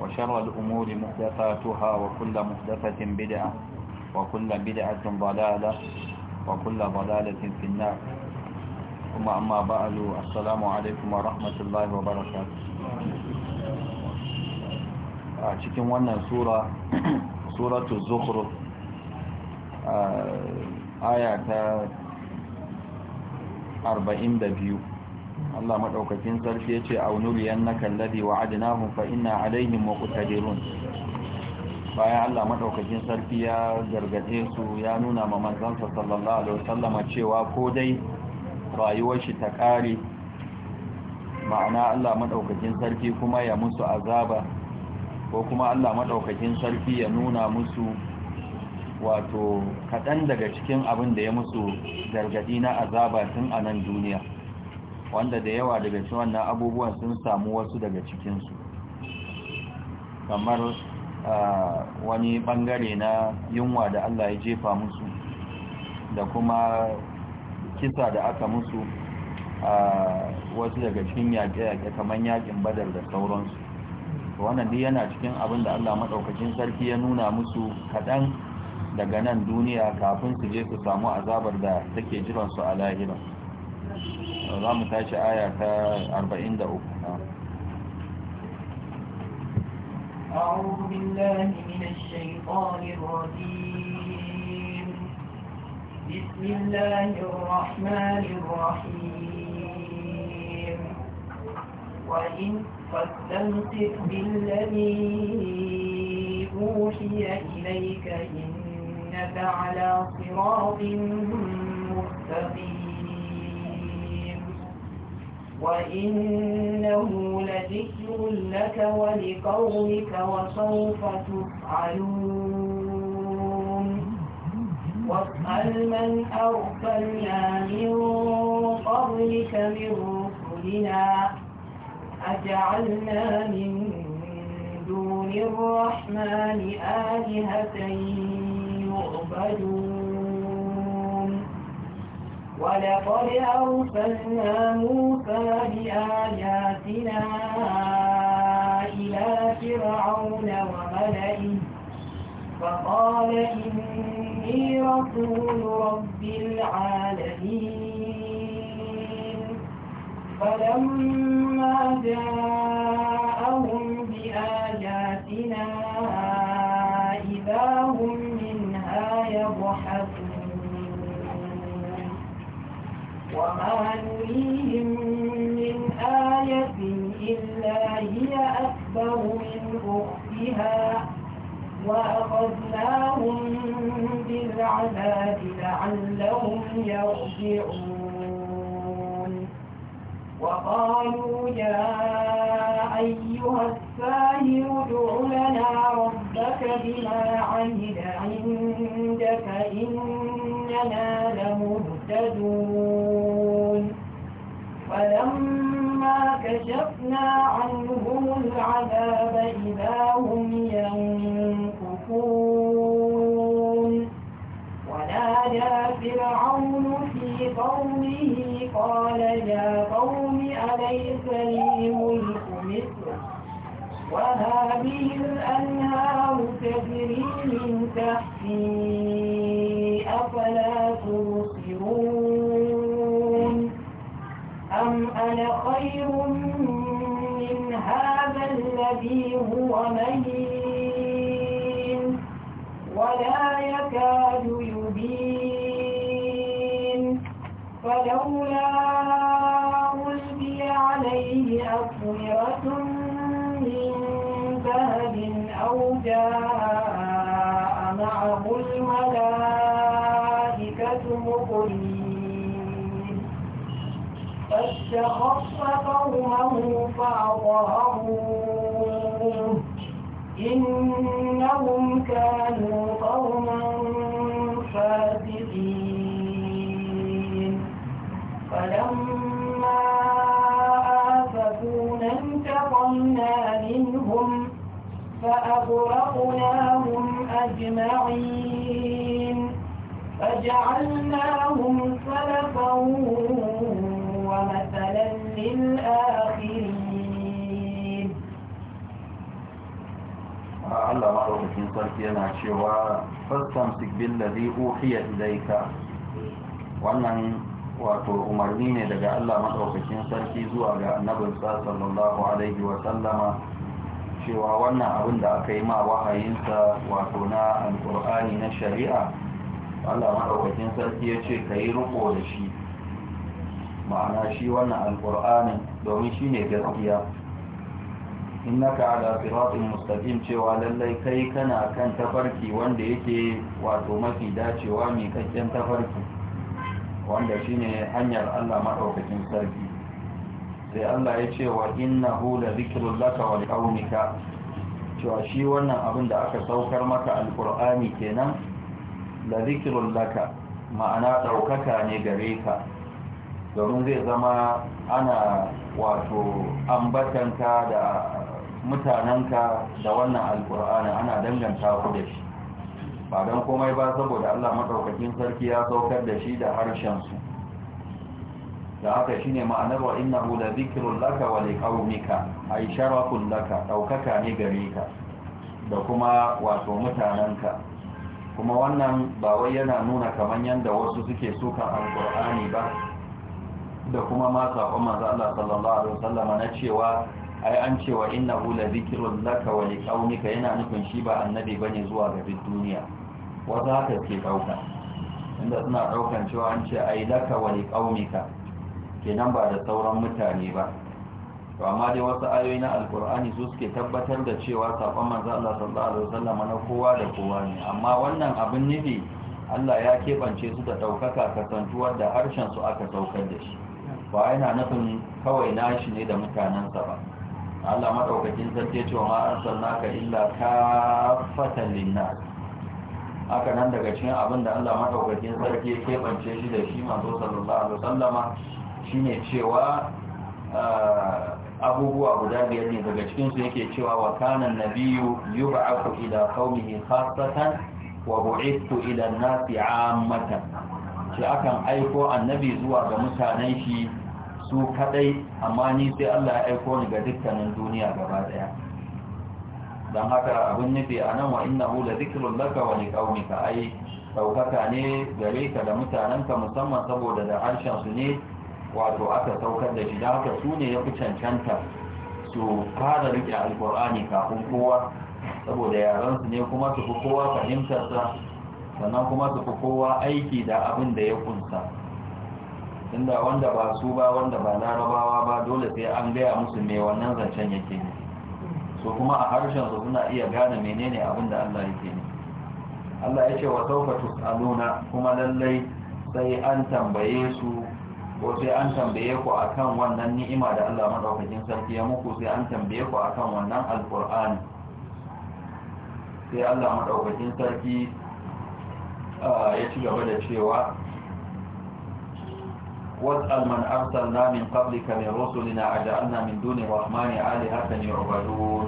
وشر الأمور محدثاتها وكل محدثة بدعة وكل بدعة ضلالة وكل ضلالة في النار ثم أما بعد السلام عليكم ورحمة الله وبركاته cikin wannan sura suratu zukhruf aya ta 42 Allah madaukakin sarki yace aunuriyan nakallabi wa'adnahum fa inna alaihim muqtadirun bayan Allah madaukakin sarki ya gargade su ya nuna ma manzansa sallallahu alaihi wasallama cewa ko dai rayuwar shi ta kare ma'ana Allah madaukakin sarki kuma ya musu azaba ko kuma Allah madaukakin sarki ya nuna musu wato kaɗan daga cikin abin da ya musu gargadi na azaba tun a nan duniya wanda da yawa daga cikin wannan abubuwan sun samu wasu daga cikinsu kamar wani bangare na yunwa da Allah ya jefa musu da kuma kisa da aka musu a wasu daga cikin yaƙe-yaƙe kamar yaƙin badar da sauransu wannan duk yana cikin abin da Allah maɗaukacin sarki ya nuna musu kaɗan daga nan duniya kafin su je su samu azabar da take jiransu a lahira. za mu آية aya ta 43 أعوذ بالله من الشيطان الرجيم بسم الله الرحمن الرحيم وإن فاستمسك بالذي أوحي إليك إنك على صراط مستقيم وإنه لذكر لك ولقومك وسوف تفعلون واسأل من أرسلنا من قبلك من رسلنا أجعلنا من دون الرحمن آلهة يعبدون ولقد أرسلنا موسى بآياتنا إلى فرعون وملئه فقال إني رسول رب العالمين فلما جاءهم بآياتنا إذا هم منها يضحكون وما نريهم من آية إلا هي أكبر من أختها وأخذناهم بالعذاب لعلهم يرجعون وقالوا يا أيها الساهر ادع لنا ربك بما عهد عندك إننا لمهتدون فلما كشفنا عنهم العذاب إذا هم ينكفون ونادى فرعون في قومه قال يا قوم أليس لي ملك مصر وهذه الأنهار تجري من تحتي أفلا قال خير من هذا الذي هو مهين ولا يكاد يبين فلولا ألقي عليه أكمرة من ذهب أو جاء معه الملائكة مقرين فاستخف قومه فأطهروه إنهم كانوا قوما فاسقين فلما آفقونا انتقمنا منهم فأغرقناهم أجمعين فجعلناهم سلفا ومثلا للآخرين Allah maɗaukakin sarki yana cewa fastamsik billazi uhiya ilaika wannan wato umarni ne daga Allah maɗaukakin sarki zuwa ga annabin sallallahu alaihi wa sallama cewa wannan abin da aka yi ma wahayinsa wato na alƙur'ani na shari'a Allah maɗaukakin sarki ya ce ka yi riko da shi ma'ana shi wannan alƙur'anin domin shi ne gaskiya innaka ala siratin mustaqim cewa lallai kai kana kan tafarki wanda yake wato mafi dacewa mai kakken tafarki wanda shi ne hanyar Allah madaukakin sarki sai Allah ya ce wa innahu la zikrul laka wa liqaumika cewa shi wannan abin da aka saukar maka alqur'ani kenan la zikrul laka ma'ana daukaka ne gare ka domin zai zama ana wato ambatanka da mutanenka da wannan alkur'ani ana danganta ku da shi ba don komai ba saboda allah maɗaukakin sarki ya saukar da shi da harshen su. da haka shi ne ma'anar wa inna hula, da zikirun laka wa liƙaunika a yi sharafun laka ɗaukaka ne gare ka da kuma wato mutanenka kuma wannan ba wai yana nuna kamar yadda wasu suke sukan alkur'ani ba da kuma ma saƙon manzo Allah sallallahu alaihi wasallam na cewa ai an cewa innahu la zikrun laka wa liqaumika yana nufin shi ba annabi bane zuwa ga duniya za ka ke dauka inda suna daukan cewa an ce ai laka wa liqaumika kenan ba da sauran mutane ba to amma dai wasu ayoyi na alkur'ani su suke tabbatar da cewa sakon manzo Allah sallallahu alaihi wasallam na kowa da kowa ne amma wannan abin nufi Allah ya keɓance su da ɗaukaka kasantuwar da harshen su aka saukar da shi ba yana nufin kawai nashi ne da mutanensa ba Allah madaukakin sarki cewa ma arsalnaka illa kafatan linna. haka nan daga cikin abin da Allah madaukakin sarki ya kebance shi da shi manzo sallallahu alaihi wasallama shine cewa ah, abubuwa guda biyar ne daga cikin su yake cewa wa kana nabiyyu yub'athu ila qaumihi khassatan wa bu'ithu ila an-nasi 'ammatan shi akan aiko annabi zuwa ga mutanen shi su kadai amma ni sai Allah ya aiko ni ga dukkanin duniya gaba daya dan haka abun nufi anan wa innahu la zikrun laka wa liqaumika ai saukaka ne gare ka da mutanenka musamman saboda da harshen su ne wato aka saukar da shi da haka su ne ya fi cancanta su fara rike alkur'ani kafin kowa saboda yaran su ne kuma su fi kowa sa sannan kuma su fi kowa aiki da abin da ya kunsa inda wanda ba su ba wanda ba larabawa ba dole sai an gaya musu mai wannan zancen yake ne so kuma a harshen su suna iya gane menene abin da Allah yake ne Allah ya ce wa sauka tus'aluna kuma lallai sai an tambaye su ko sai an tambaye ku akan wannan ni'ima da Allah madaukakin sarki ya muku sai an tambaye ku akan wannan alqur'ani sai Allah madaukakin sarki ah, ya ci gaba da cewa واسأل من أرسلنا من قبلك من رسلنا أجعلنا من دون الرحمن آلهة يعبدون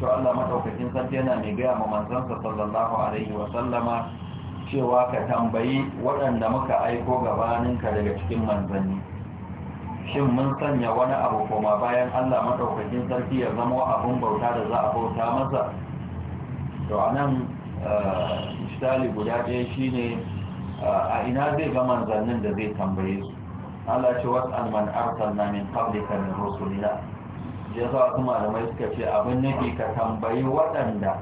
شو الله مدوكتين سنتينا ميقيا ممنزنس صلى الله عليه وسلم cewa ka tambayi waɗanda muka aiko gabaninka daga cikin manzanni shin mun sanya wani abu koma bayan allah maɗaukacin sarki ya zama abun bauta da za a bauta masa to anan, nan guda ɗaya shine a ina zai ga manzannin da zai tambaye su Allah ce wasu alman arsalna min qablika min rusulina ya za su malamai suka ce abin nufi ka tambayi waɗanda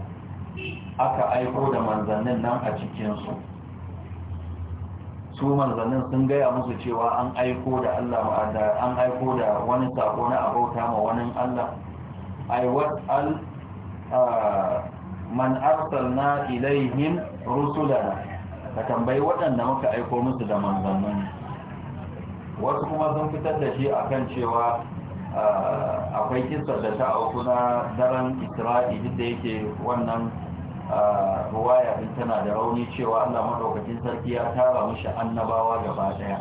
aka aiko da manzannin nan a cikinsu su manzannin sun gaya musu cewa an aiko da Allah an aiko da wani sako na abauta ma wani Allah ai wasal man arsalna ilaihim rusulana ka tambayi waɗanda muka aiko musu da manzannin wasu kuma sun fitar da shi akan cewa ah, akwai kisar da ta auku na daren isra'i duk da yake wannan ah, ruwaya din tana da rauni cewa allah maɗaukakin sarki ya tara mishi annabawa gaba daya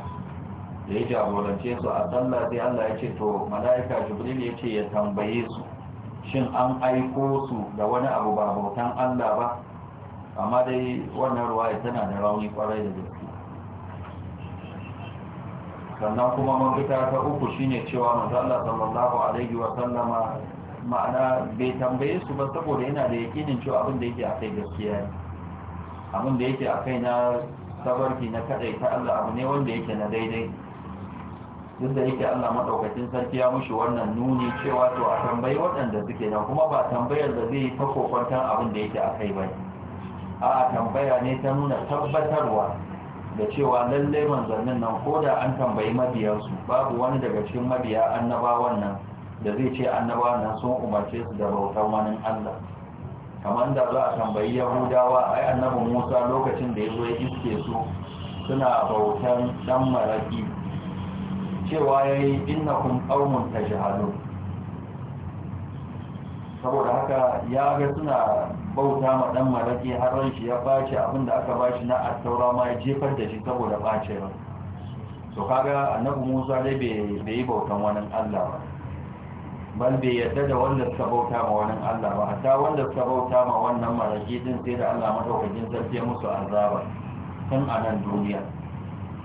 da ya jagorance su a sallar sai allah ya ce to mala'ika jibril ya ce ya tambaye su shin an aiko su da wani abu ba bautan allah ba amma dai wannan ruwaya tana da rauni kwarai da gaske sannan kuma mafita ta uku shine cewa manzala sallallahu alaihi wa ma'ana bai tambaye su ba saboda yana da yakinin cewa abin da yake kai gaskiya ne abin da yake a kai na sabarki na kadai ta Allah abu ne wanda yake na daidai duk da yake Allah madaukakin sarki ya mushi wannan nuni cewa to a tambayi waɗanda suke nan kuma ba tambayar da zai ta kokwantar abin da yake a kai ba a tambaya ne ta nuna tabbatarwa da cewa lallai manzannin nan ko da an tambayi mabiyansu babu wani daga cikin mabiya annabawan nan da zai ce annabawan nan sun umarce su da bautar wani allah kamar da za a tambayi yahudawa ai annabi musa lokacin da ya zo ya iske su suna bautar dan maraƙi cewa ya yi innakun ƙaunin ta saboda haka ya ga suna bauta ma dan malaki har ran ya bace abin da aka bashi na attaura ma ya jefar da shi saboda bace ran to kaga annabi Musa dai bai yi bautan wani Allah ba ban bai yadda da wanda suka bauta ma wani Allah ba hatta wanda suka bauta ma wannan malaki din sai da Allah madaukakin sarki ya musu azaba tun a nan duniya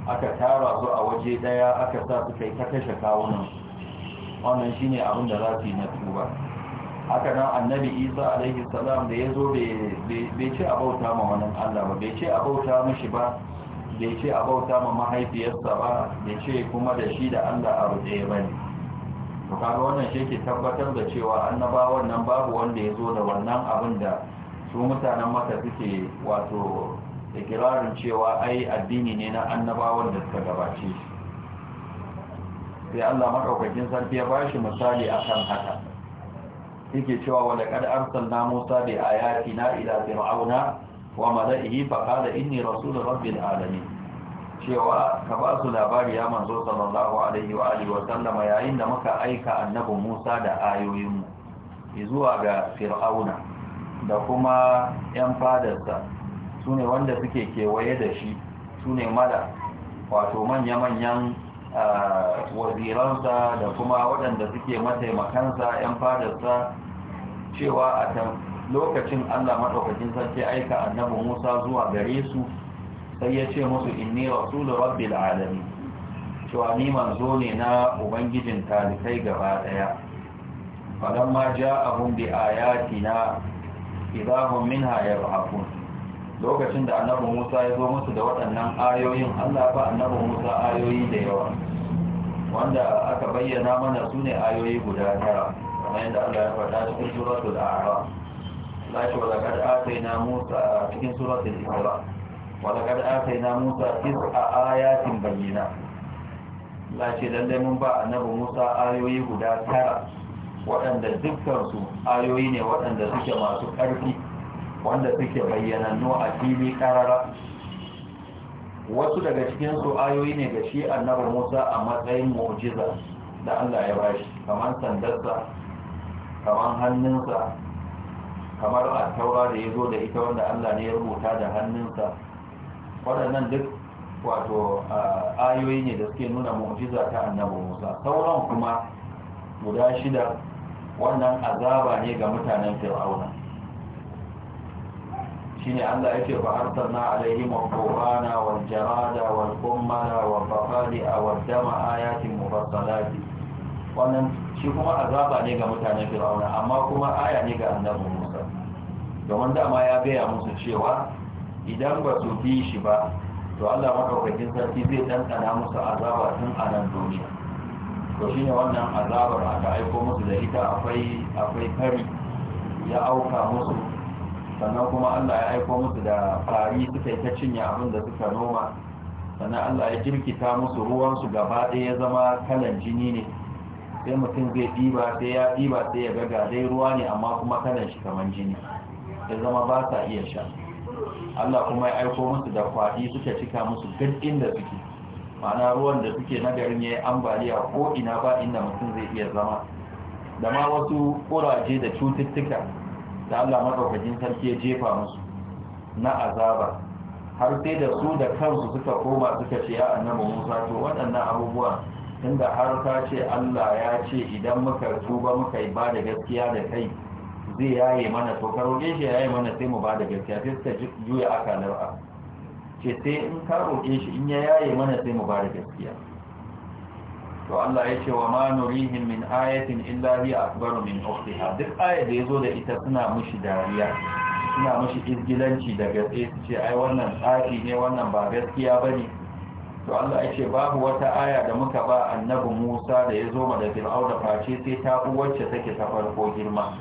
aka tara su a waje daya aka sa su kai ta kashe kawunan wannan shine abin da za su yi na tuba haka nan annabi isa alaihi salam da ya zo bai ce a bauta ma wannan allah ba bai ce a bauta mashi ba bai ce a bauta ma mahaifiyarsa ba bai ce kuma da shi da allah a rute ba ne kaga wannan shi ke tabbatar da cewa annabawan nan babu wanda ya zo da wannan abin da su mutanen maka suke wato ikirarin cewa ai addini ne na annabawan da suka gabace shi sai allah maɗaukakin sarki ya ba shi misali akan haka yake cewa wa laqad arsalna Musa bi na ila fir'auna wa mala'ihi fa qala inni rasul rabbil alamin cewa ka ba su labari ya manzo sallallahu alaihi wa alihi wa sallama yayin da muka aika annabi Musa da ayoyin mu zuwa ga fir'auna da kuma yan fadarsa sune wanda suke kewaye da shi sune mala wato manya-manyan waziransa da kuma waɗanda suke mataimakansa 'yan fadarsa cewa a lokacin allah maɗaukacin sarki aika annabi musa zuwa gare su sai ya ce musu inni rasulu rabbil alamin cewa ni manzo ne na ubangijin talikai gaba ɗaya. daya falamma abun bi ayatina idahum minha yab'athun lokacin da annabi musa ya zo musu da waɗannan ayoyin allah ba annabi musa ayoyi da yawa wanda aka bayyana mana su ne ayoyi guda tara kamar yadda allah ya faɗa cikin suratul a'raf lashi wa laqad na musa cikin suratul isra wa laqad na musa a ayatin bayyina lashi lalle mun ba annabi musa ayoyi guda tara waɗanda dukkan su ayoyi ne waɗanda suke masu ƙarfi wanda suke bayyanannu a fili karara wasu daga cikin su ayoyi ne ga shi annabi Musa a matsayin mu'jiza da Allah ya bashi kamar sandarsa kamar hannunsa kamar a taura da ya zo da ita wanda Allah ne ya rubuta da hannunsa waɗannan duk wato ayoyi ne da suke nuna mu'jiza ta annabi Musa sauran kuma guda shida wannan azaba ne ga mutanen Fir'auna shine Allah yake fa arsalna alaihi al wal jarada wal qummala wal faqadi'a wad dama ayatin mufassalati wannan shi kuma azaba ne ga mutanen Fir'auna amma kuma aya ne ga annabi Musa domin dama ya gaya musu cewa idan ba su bi shi ba to Allah madaukakin sarki zai ɗanɗana musu azaba tun a nan duniya to shine wannan azabar aka aiko musu da ita akwai akwai kari ya auka musu sannan kuma Allah ya aiko musu da fari suka yi ta cinye abin da suka noma sannan Allah ya jirkita musu ruwan ruwansu gaba ɗaya ya zama kalan jini ne sai mutum zai ɗiba sai ya ɗiba sai ya gaga dai ruwa ne amma kuma kalan shi kamar jini ya zama ba sa iya sha Allah kuma ya aiko musu da kwaɗi suka cika musu duk inda suke ma'ana ruwan da suke na garin ya yi ambaliya ko ina ba inda mutum zai iya zama da ma wasu ƙuraje da cututtuka da Allah madaukakin sarki ya jefa musu na azaba har sai da su da kansu suka koma suka ce ya annabi Musa to waɗannan abubuwa tunda har ka ce Allah ya ce idan muka tuba muka yi ba da gaskiya da kai zai yaye mana to ka roƙe shi yaye mana sai mu ba da gaskiya sai suka juya aka a ce sai in ka roƙe shi in ya yaye mana sai mu ba da gaskiya to Allah ya ce wa ma nurihim min ayatin illa hiya akbaru min ukhtiha duk aya da yazo da ita suna mushi dariya suna mushi izgilanci da gatse su ce ai wannan tsaki ne wannan ba gaskiya bane to Allah ya ce babu wata aya da muka ba annabi Musa da yazo ma da da face sai ta wacce take ta farko girma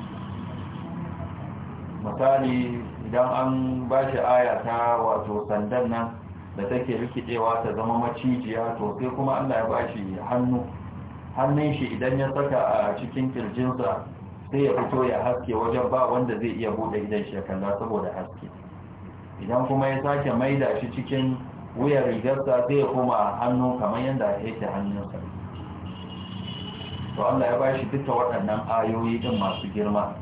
misali idan an bashi aya ta wato sandan nan da take rikidewa ta zama macijiya to sai kuma Allah ya bashi hannu hannun shi idan ya saka a cikin kirjinsa sai ya fito ya haske wajen ba wanda zai iya bude gidan shi kalla saboda haske idan kuma ya sake maida shi cikin wuyar rigarsa zai koma hannu kamar yadda yake hannunsa to Allah ya bashi duka waɗannan ayoyi din masu girma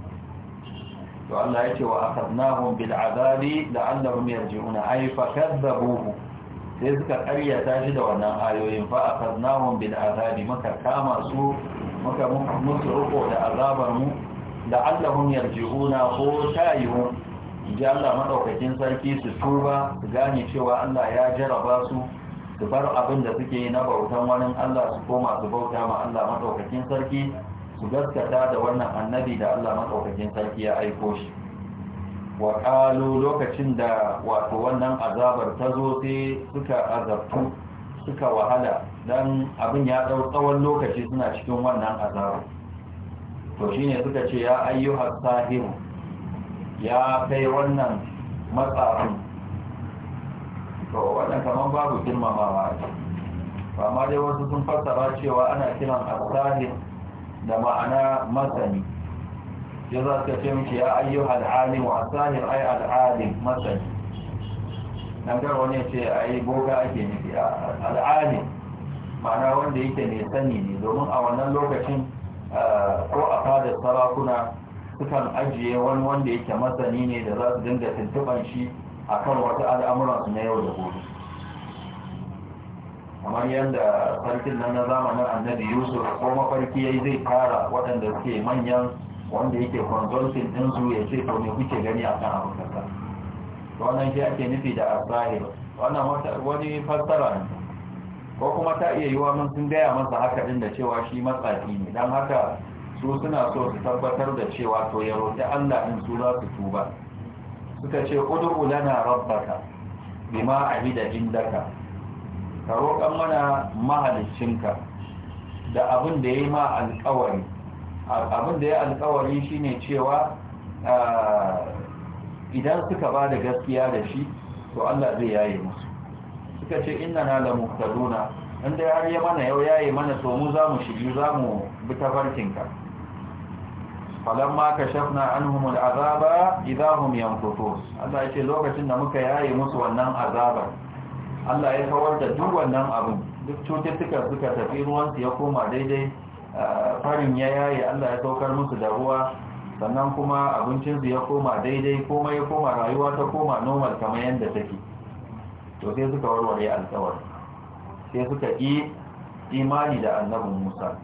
to Allah ya ce wa akhadnahum bil azabi la'allahum yarji'una ay fakadzabuhu sai suka karyata shi da wannan ayoyin fa akhadnahum bil azabi maka kama su maka musu ruko da azabar mu da allahum yarji'una ko tayyun ji Allah maɗaukakin sarki su tuba su gane cewa Allah ya jaraba su su bar abin da suke yi na bautan wani Allah su koma su bauta ma Allah maɗaukakin sarki su gaskata da wannan annabi da Allah maɗaukakin sarki ya aiko shi wa ƙalu lokacin da wato wannan azabar ta zo sai suka azabtu suka wahala don abin ya ɗau tsawon lokaci suna cikin wannan azabar to shi ne suka ce ya ayyuhar sahiru ya kai wannan matsafin to wannan kamar babu girmamawa ba ma dai wasu sun fassara cewa ana kiran asahir da ma'ana masani ya za ka ce miki ya ayyu al'adun wa asahir ay al'adun masani nan gar wani ce ai boga ake miki al'alim ma'ana wanda yake mai sani ne domin a wannan lokacin ko a fadar sarakuna sukan ajiye wani wanda yake masani ne da za su dinga tuntuban shi a kan wata su na yau da gobe kamar yadda sarkin nan na zamanin annabi yusuf ko mafarki ya zai fara waɗanda suke manyan wanda yake consulting din su ya ce to me kuke gani a kan abu kaza wannan shi ake nufi da azahir wannan wani fassara ne ko kuma ta iya yiwa mun sun gaya masa haka din da cewa shi matsafi ne dan haka su suna so su tabbatar da cewa to ya roƙi Allah in su za su tuba suka ce ud'u lana rabbaka bima ahida indaka ka roƙan mana mahaliccinka da abin da ya yi ma alƙawari abinda da ya alkawari shine cewa eh, idan suka ba da gaskiya da shi to Allah zai yaye musu suka ce inna na la In inda har ya mana yau yaye mana to mu zamu shigi mu bi tafarkinka falamma kashafna anhum al'azaba idahum yanqutun Allah yake lokacin da muka yaye musu wannan azabar Allah ya kawar da duk wannan abin duk cututtukan suka tafi ruwansu ya koma daidai farin ya yaye Allah ya saukar musu da ruwa sannan kuma abincinsu ya koma daidai koma ya koma rayuwa ta koma normal kamar yadda take to sai suka warware alkawar sai suka yi imani da annabin musa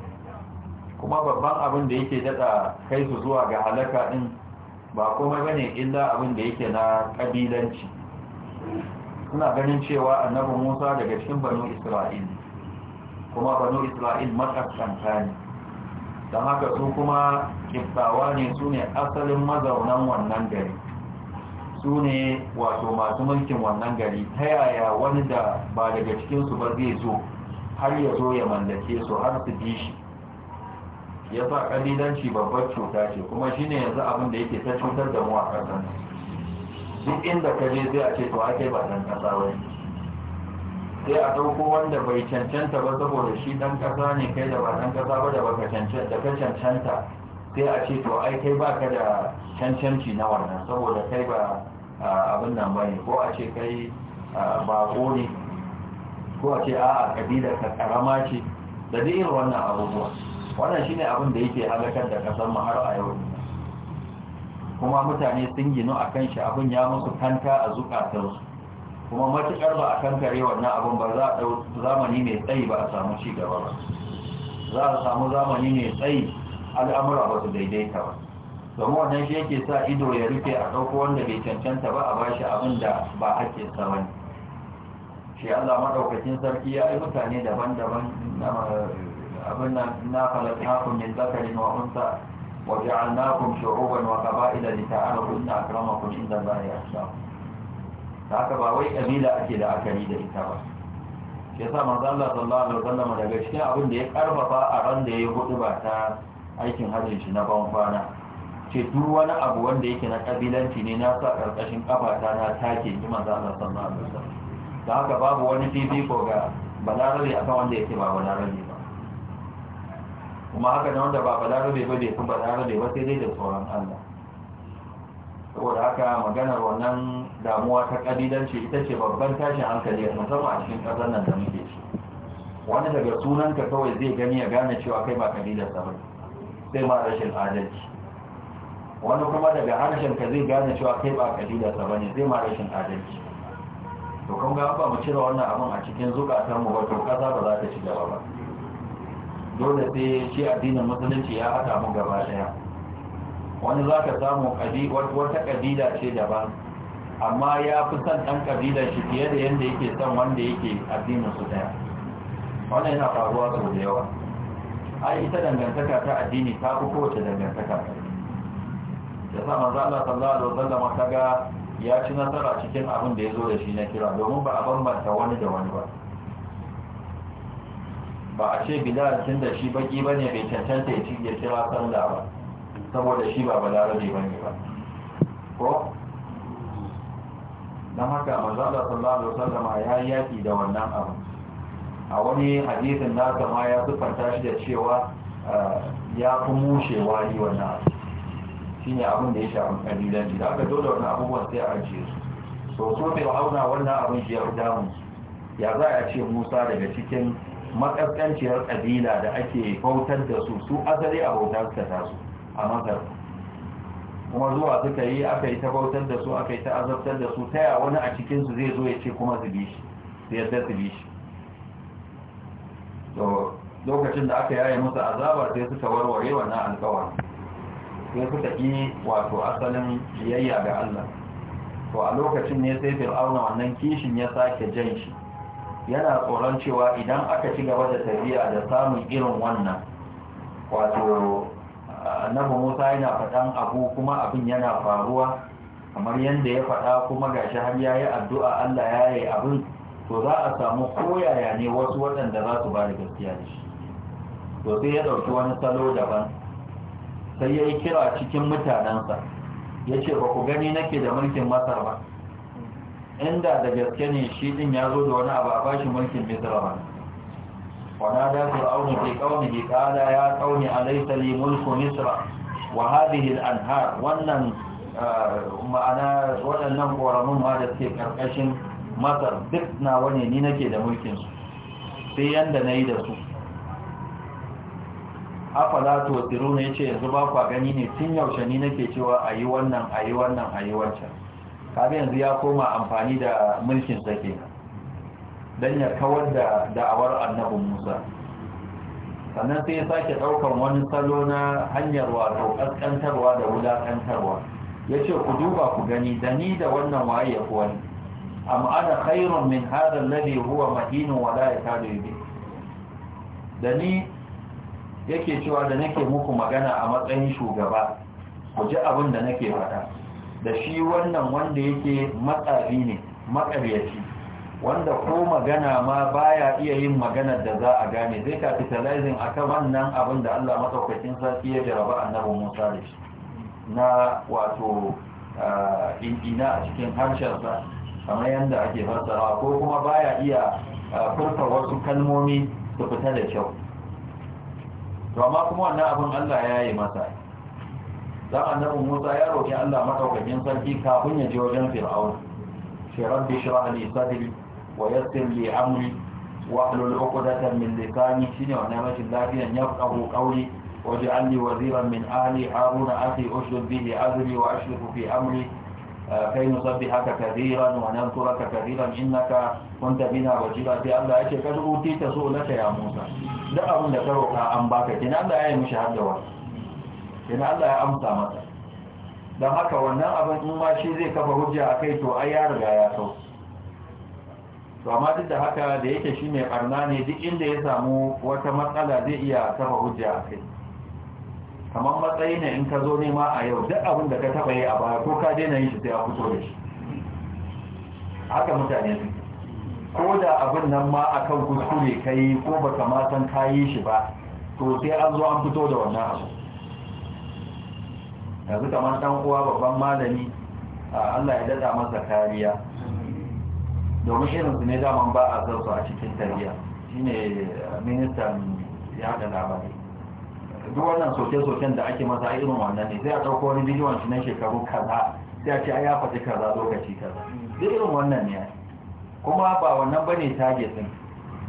kuma babban abin da yake daɗa kai su zuwa ga halaka ɗin ba komai bane illa abin da yake na ƙabilanci suna ganin cewa annabin musa daga cikin banu isra'ili kuma banu isra'il matsakanta ne don haka su kuma kiftawa ne su ne asalin mazaunan wannan gari su ne wato masu mulkin wannan gari ta yaya wani da ba daga cikinsu ba zai zo har ya zo ya mallake su har su bi shi ya sa ƙalilanci babbar cuta ce kuma shi ne yanzu abin da yake ta cutar da mu a ƙasar duk inda ka zai a ce to ake ba ɗan ƙasa wani sai a dauko wanda bai cancanta ba saboda shi dan kasa ne kai da ba dan kasa ba da baka cancanta cancanta sai a ce to ai kai baka da cancanci na wannan saboda kai ba abin nan bane ko a ce kai ba ne ko a ce a'a kabila ka karama ce da dai irin wannan abubuwa wannan shine abin da yake halakar da kasar mu har a yau kuma mutane sun gino akan shi abin ya musu kanta a zukatansu kuma matuƙar ba a kankare wannan abin ba za a ɗau zamani mai tsayi ba a samu ci gaba ba za a samu zamani mai tsayi al'amura ba su daidaita ba domin wannan shi yake sa ido ya rufe a ɗauko wanda bai cancanta ba a bashi abin da ba haƙƙin sa bane shi Allah madaukakin sarki ya yi mutane daban-daban abin nan na falaknakum min zakarin wa unsa wa ja'alnakum shu'uban wa qaba'ila li ta'arafu inna akramakum inda Allahi atqakum da aka ba wai ƙabila ake da akari da ita ba shi yasa manzo Allah sallallahu alaihi wasallam daga cikin abin da ya karfafa a ran da ya hudu ba ta aikin hajjin shi na ban kwana ce duk wani abu wanda yake na kabilanci ne na sa karkashin kafata na take ji manzo Allah sallallahu alaihi wasallam da haka babu wani fifiko ga balarabe akan wanda yake ba balarabe ba kuma haka da wanda ba balarabe ba bai fi balarabe ba sai dai da tsoron Allah saboda haka maganar wannan damuwa ta kabilanci ita ce babban tashin hankali musamman a cikin kasar nan da muke ci wani daga sunanka kawai zai gani ya gane cewa kai ba kabilarsa ba sai ma rashin adalci wani kuma daga harshen ka zai gane cewa kai ba kabilarsa ba ne sai ma rashin adalci to kun ga ba mu cire wannan abin a cikin zukatanmu ba to kasa ba za ta ci gaba ba dole sai shi addinin musulunci ya haɗa mu gaba ɗaya wani za ka samu wata ƙabila ce daban amma ya fi son ɗan ƙabilar shi fiye da yadda yake son wanda yake addinin su ɗaya wannan yana faruwa sau da yawa ai ita dangantaka ta addini ta fi kowace dangantaka ya sa manzo Allah sallallahu alaihi wasallam ga ya ci nasara cikin abin da ya zo da shi na kira domin ba a bambanta wani da wani ba ba a ce bilal tun da shi baki bane bai cancanta ya ya kira sallah ba saboda shi ba balarabe ba ne ba ko don haka mazala sallallahu sallama ya yaki da wannan abu a wani hadisin nasa ma ya siffanta shi da cewa eh, ya fi mushe, Wani wannan abu shi ne abin da ya shafi kabilanci da aka dole wannan abubuwan sai a ajiye su so so bai auna wannan abin shi ya fi ya za a ce musa daga cikin makaskanciyar kabila da ake bautar da su su asali a bautar ta tasu a masar kuma zuwa suka yi aka yi tabautar da su aka yi ta azabtar da su taya wani a cikinsu zai zo ya ce kuma su bi shi su yadda su bi shi to lokacin da aka yaye musu azaba sai suka warware wannan alkawar sai suka yi wato asalin biyayya ga Allah to a lokacin ne sai fir'auna wannan kishin ya sake jan shi yana tsoron cewa idan aka ci gaba da tafiya da samun irin wannan wato annabi musa yana faɗan abu kuma abin yana faruwa kamar yadda ya faɗa kuma gashi har ya yi addu'a allah ya yi abin to za a samu koyaya ne wasu waɗanda za su ba da gaskiya da shi to sai ya ɗauki wani salo daban sai ya yi kira cikin mutanensa ya ce ba ku gani nake da mulkin masar ba inda da gaske ne shi ɗin ya zo da wani abu a bashi mulkin misra ba ونادى فرعون في قومه قال يا قوم أليس لي ملك مصر وهذه الأنهار وأن ma'ana waɗannan ƙoramin ma da suke masar duk na wani ni nake da mulkinsu sai yadda na yi da su afala to tiru ne ce yanzu ba kwa gani ne tun yaushe ni nake cewa a yi wannan a yi wannan a yi yanzu ya koma amfani da mulkin sake don ya kawar da da'awar annabi musa sannan sai ya sake ɗaukar wani salo na hanyar wato ƙasƙantarwa da wulaƙantarwa ya ce ku duba ku gani da ni da wannan waye ya fi wani amma ana khairun min hadar lade huwa mahinin wala ya kada yi da ni yake cewa da nake muku magana a matsayin shugaba ku ji abin da nake faɗa da shi wannan wanda yake matsabi ne makaryaci wanda ko magana ma baya iya yin maganar da za a gane zai capitalizing akan wannan abin da Allah madaukakin sarki ya jaraba annabi Musa da shi na wato ah, ina a cikin harshen sa, kamar yadda ake fassarawa ko kuma baya iya ah, furta wasu kalmomi su fita da kyau to amma kuma wannan abin Allah ya yi masa dan annabi Musa ya roki Allah madaukakin sarki kafin ya je wajen Fir'aun shi rabbi shrah li sadri ويسر لي أمري واحلل عقدة من لساني شنو أنا ماشي لافيا يفقه قولي واجعل لي وزيرا من أهلي هارون أخي أشرف به أذري وأشرف في أمري كي نصبحك كثيرا ونذكرك كثيرا إنك كنت بنا وجيرا في الله أشي قد أوتيت سؤلك يا موسى ده أبن ذكرك أن باك كنا الله أي مشهد وقت كنا الله أمسى مثلا don haka wannan abin in ma shi zai kafa hujja a kai to ai ya riga ya sau to amma duk da haka da yake shi mai barna ne duk inda ya samu wata matsala zai iya kafa hujja a kai kamar matsayi ne in ka zo nema a yau duk abin da ka taba yi a baya ko ka daina yin shi sai a fito da shi haka mutane ne ko da abin nan ma akan kuskure ka yi ko ba ka san ka yi shi ba to sai an zo an fito da wannan abu yanzu kamar dan uwa babban malami Allah ya dada masa kariya domin irin ne daman ba a zarsu a cikin shi shine eh, ministan yada labarai duk wannan soke-soken da ake masa irin wannan ne sai a ɗauko wani bidiyon shi na shekaru kaza sai a ce ya faɗi kaza lokaci kaza duk irin wannan ne kuma ba wannan bane target din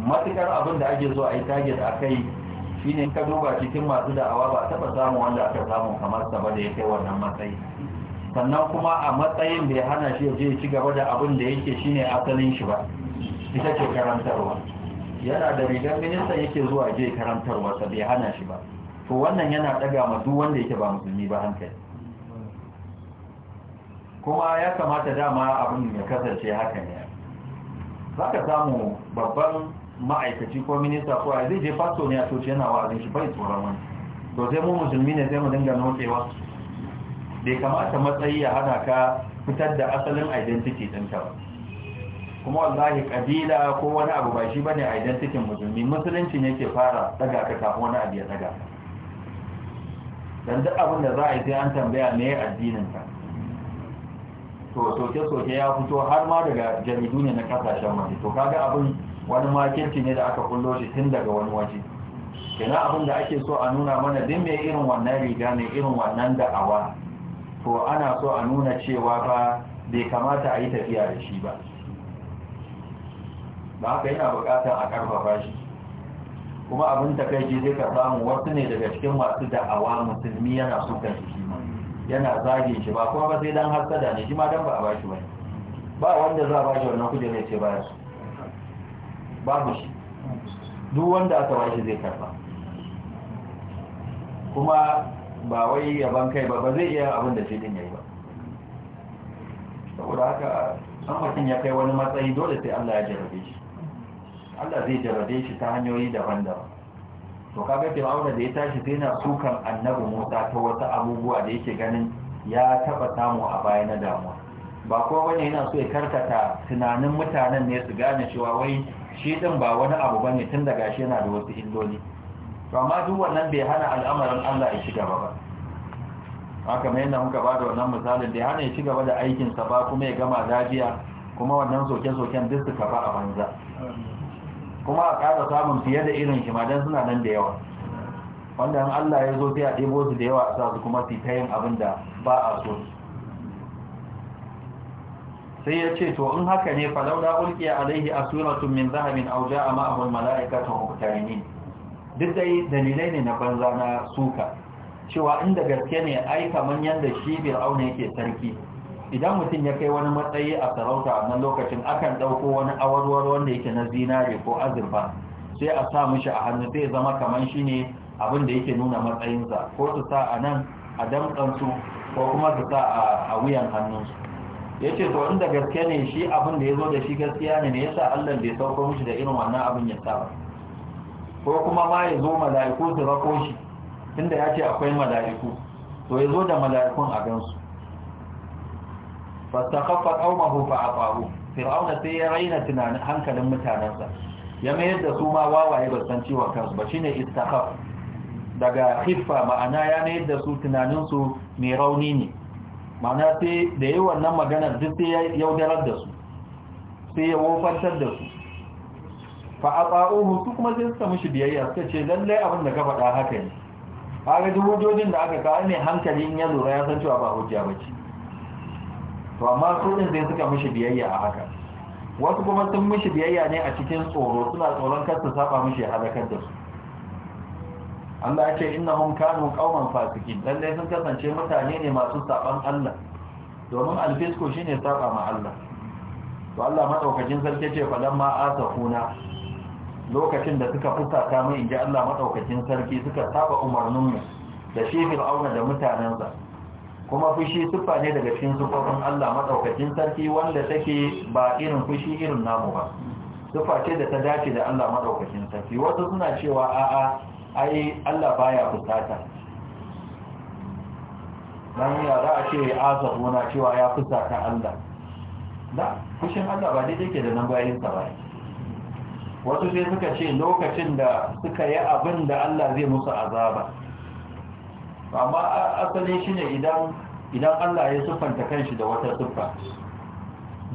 matukar abin da ake so a yi target a kai shine ka duba cikin masu da'awa ba taɓa samun wanda aka samu kamar sa ba da ya kai wannan matsayi sannan kuma a matsayin bai hana shi je ci gaba da abin da yake ne asalin shi ba ita ce karantarwa yana da rigar ministan yake zuwa je karantarwa sa bai hana shi ba to wannan yana daga ma duk wanda yake ba musulmi ba hankali kuma ya kamata dama abin ya kasance haka ne za ka samu babban ma'aikaci ko minista ko a zai je fasto ne a soci yana wa'azin shi bai tsoron wani to sai mu musulmi ne sai mu dinga nokewa bai kamata matsayi ya hana ka fitar da asalin identity din ka kuma wallahi kabila ko wani abu ba shi ba ne identity musulmi musulunci ne ke fara daga ka kafin wani abu ya daga ka duk abin da za a yi sai an tambaya me addinin ka to soke-soke ya fito har ma daga jaridu ne na kasashen waje to kaga abin wani makirci ne da aka kullo shi tun daga wani waje kenan abin da ake so a nuna mana din mai irin wannan riga ne irin wannan da'awa to ana so a nuna cewa ba bai kamata a yi tafiya da shi ba ba haka yana bukatar a karfafa shi kuma abin takaici zai ka samu wasu ne daga cikin masu da'awa musulmi yana sukan shi shi yana zagin shi ba kuma ba sai dan hasada ne shi ma dan ba a bashi ba ba wanda za a bashi wannan kuje ne ce baya su babu shi duk wanda aka bashi zai karfa kuma ba wai yaban kai ba ba zai iya abin da shaidan ya yi ba saboda haka san mutum ya kai wani matsayi dole sai allah ya jarabe shi allah zai jarabe shi ta hanyoyi daban-daban to kaga fir'auna da ya tashi sai na sukan annabi musa ta wasu abubuwa da yake ganin ya taba samu a baya na damuwa ba kuma wani yana so ya karkata tunanin mutanen ne su gane cewa wai shi din ba wani abu bane tun daga shi yana da wasu illoli to amma duk wannan bai hana al'amarin Allah ya ci gaba ba haka mai yana muka ba da wannan misalin ya hana ya ci gaba da aikinsa ba kuma ya gama dajiya kuma wannan soke-soken duk su kafa a banza kuma a ƙara samun fiye da irin shi ma don suna nan da yawa wanda in Allah ya zo sai a ɗebo su da yawa a sa su kuma su ta yin abin da ba a so sai ya ce to in haka ne falaula ulkiya alaihi asuratun min zahabin auja a ma'ahul mala'ikatun muktarimin duk dai dalilai ne na banza na suka cewa inda gaske ne ai kaman yanda shi auna yake sarki idan mutum ya kai wani matsayi a sarauta a lokacin akan ɗauko wani awarwar wanda yake na zinare ko azurfa sai a sa mishi a hannu zai zama kaman shi ne abin da yake nuna matsayinsa ko su sa a nan a damtsansu ko kuma su sa a wuyan hannunsu ya ce to inda gaske ne shi abin da ya zo da shi gaskiya ne ne ya sa allah bai sauko mishi da irin wannan abin ya sa ba ko kuma ma ya zo mala'iku su rako shi tunda ya ce akwai mala'iku to ya zo da mala'ikun a gansu fasta kafa ƙaumahu fa a faru fir'auna sai ya raina tunanin hankalin mutanensa ya mayar da su ma wawaye ba san ciwon kansu ba shine istakhaf daga khiffa ma'ana ya mayar da su tunaninsu mai rauni ne ma'ana sai da yi wannan maganar duk sai ya yaudarar da su sai ya wofantar da su fa ata'uhu su kuma sai suka mishi biyayya suka ce lallai abin da ka faɗa haka ne kaga duk hujjojin da aka kawo ne hankali in ya lura ya san cewa ba hujja ce to amma su din sai suka mishi biyayya a haka wasu kuma sun mishi biyayya ne a cikin tsoro suna tsoron kar su saba mishi halakar da su Allah ya ce innahum kanu qauman fasikin lallai sun kasance mutane ne masu saban Allah domin alfisko shine saba ma Allah to Allah madaukakin sarki ce falamma asafuna lokacin da suka fusata mai inji Allah maɗaukacin sarki suka saba umarninmu mu da shefil auna da mutanensa kuma fushi siffa ne daga cikin siffofin Allah madaukakin sarki wanda take ba irin fushi irin namu ba siffa ce da ta dace da Allah madaukakin sarki wasu suna cewa a'a ai Allah baya fusata dan ya za a ce azabu cewa ya fusata Allah da fushin Allah ba daidai ke da nan bayin sa ba wasu sai suka ce lokacin da suka yi abin da Allah zai musu azaba amma asali shi ne idan Allah ya siffanta kanshi da wata siffa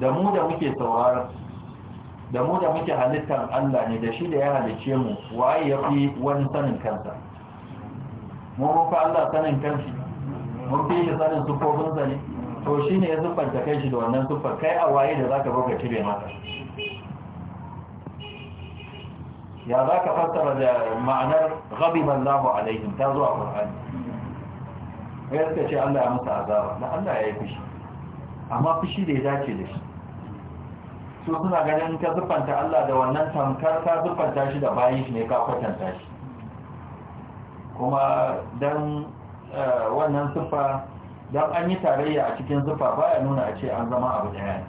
da mu da muke saurara da mu da muke halittar Allah ne da shi da ya halice mu waye ya fi wani sanin kansa mun rufa Allah sanin kanshi mun fi shi sanin siffofinsa ne to shi ne ya siffanta kanshi da wannan siffar kai a waye da za ka bauka cire mata ya za ka fassara da ma'anar ghadiban lahu alaihim ta zuwa qur'ani ya suka ce Allah ya musu azaba na Allah ya yi fushi amma fushi da ya dace da shi su suna ganin ka zufanta Allah da wannan tamkar ka zufanta shi da bayin shi ne ka kwatanta shi kuma don eh, wannan siffa don an yi tarayya a cikin zufa baya nuna a ce an zama abu daya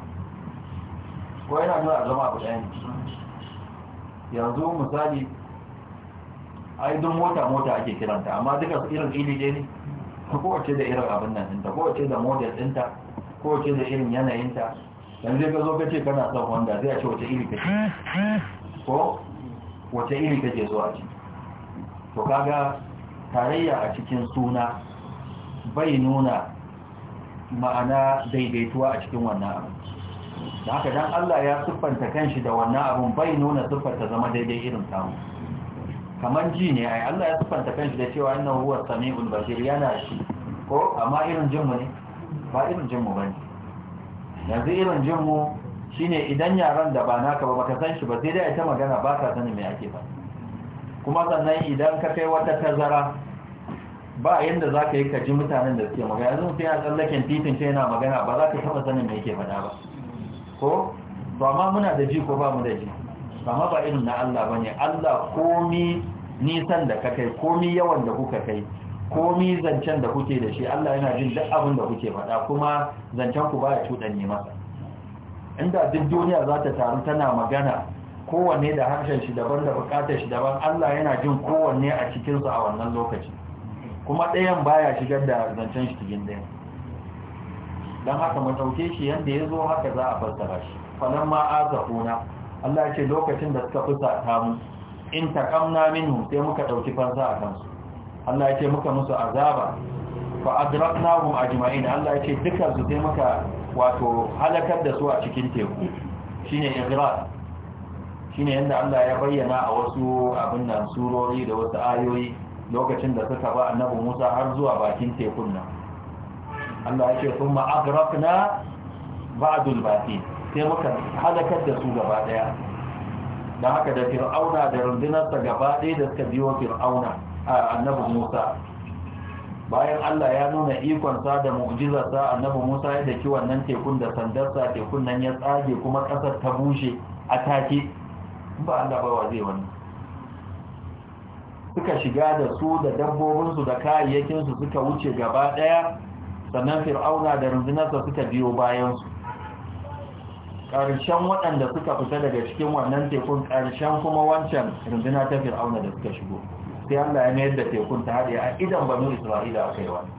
ko yana nuna a zama abu daya ne yanzu misali ai don mota mota ake kiranta amma duka irin ili dai ne kowace da irin abin nan ko kowace da model ɗinta kowace da irin yanayinta yanzu ka zo ka ce kana son honda zai ce wace iri kake ko wace iri kake so a ci to kaga tarayya a cikin suna bai nuna ma'ana daidaituwa a cikin wannan abin da haka dan Allah ya siffanta kanshi da wannan abun bai nuna siffanta zama daidai irin samu kamar ji ne ai Allah ya siffanta kanshi da cewa inna huwa samiul basir yana shi ko amma irin jinmu ne ba irin jinmu bane yanzu irin jinmu shine idan yaran da ba naka ba baka san shi ba sai dai ta magana ba ka sanin me yake ba kuma sannan idan ka kai wata tazara ba yanda za ka yi ka ji mutanen da suke magana yanzu sai a tsallaken titin sai yana magana ba za ka taɓa sanin me yake faɗa ba ko ba ma muna da ji ko ba mu da ji ba ma ba irin na Allah ba ne Allah komi nisan da ka kai komi yawan da kuka kai komi zancen da kuke da shi Allah yana jin duk abin da kuke faɗa kuma zancen ku baya cuɗanye masa inda duk duniya za ta taru tana magana kowanne da harshen shi daban da bukatar shi daban Allah yana jin kowanne a cikinsu a wannan lokaci kuma ɗayan baya shigar da zancen shi cikin ɗayan don haka matauke ɗauke shi yadda ya zo haka za a fassara shi falon ma azabuna Allah ya ce lokacin da suka fusa ta mu in taqamna minhum sai muka ɗauki fansa a kansu Allah ya ce muka musu azaba fa adraknahum ajma'in Allah ya ce duka su sai muka wato halakar da su a cikin teku shine igra shine yanda Allah ya bayyana a wasu abin nan surori da wasu ayoyi lokacin da suka ba annabi Musa har zuwa bakin tekun nan Allah ya ce kuma agrafna ba'dul baqi sai muka halakar da su gaba daya dan haka da fir'auna da rundunarsa gaba daya da suka biyo fir'auna annabi Musa bayan Allah ya nuna ikonsa da mu'jizarsa annabi Musa ya daki wannan tekun da sandarsa tekun nan ya tsage kuma ƙasar ta bushe a take ba Allah ba wa zai wannan suka shiga da su da dabbobinsu da kayayyakinsu suka wuce gaba ɗaya. sannan fir'auna da rundunarsa suka biyo bayansu ƙarshen waɗanda suka fita daga cikin wannan tekun ƙarshen kuma wancan rundunar ta fir'auna da suka shigo sai Allah ya mayar da tekun ta haɗe a idan banu Isra'ila aka yi wani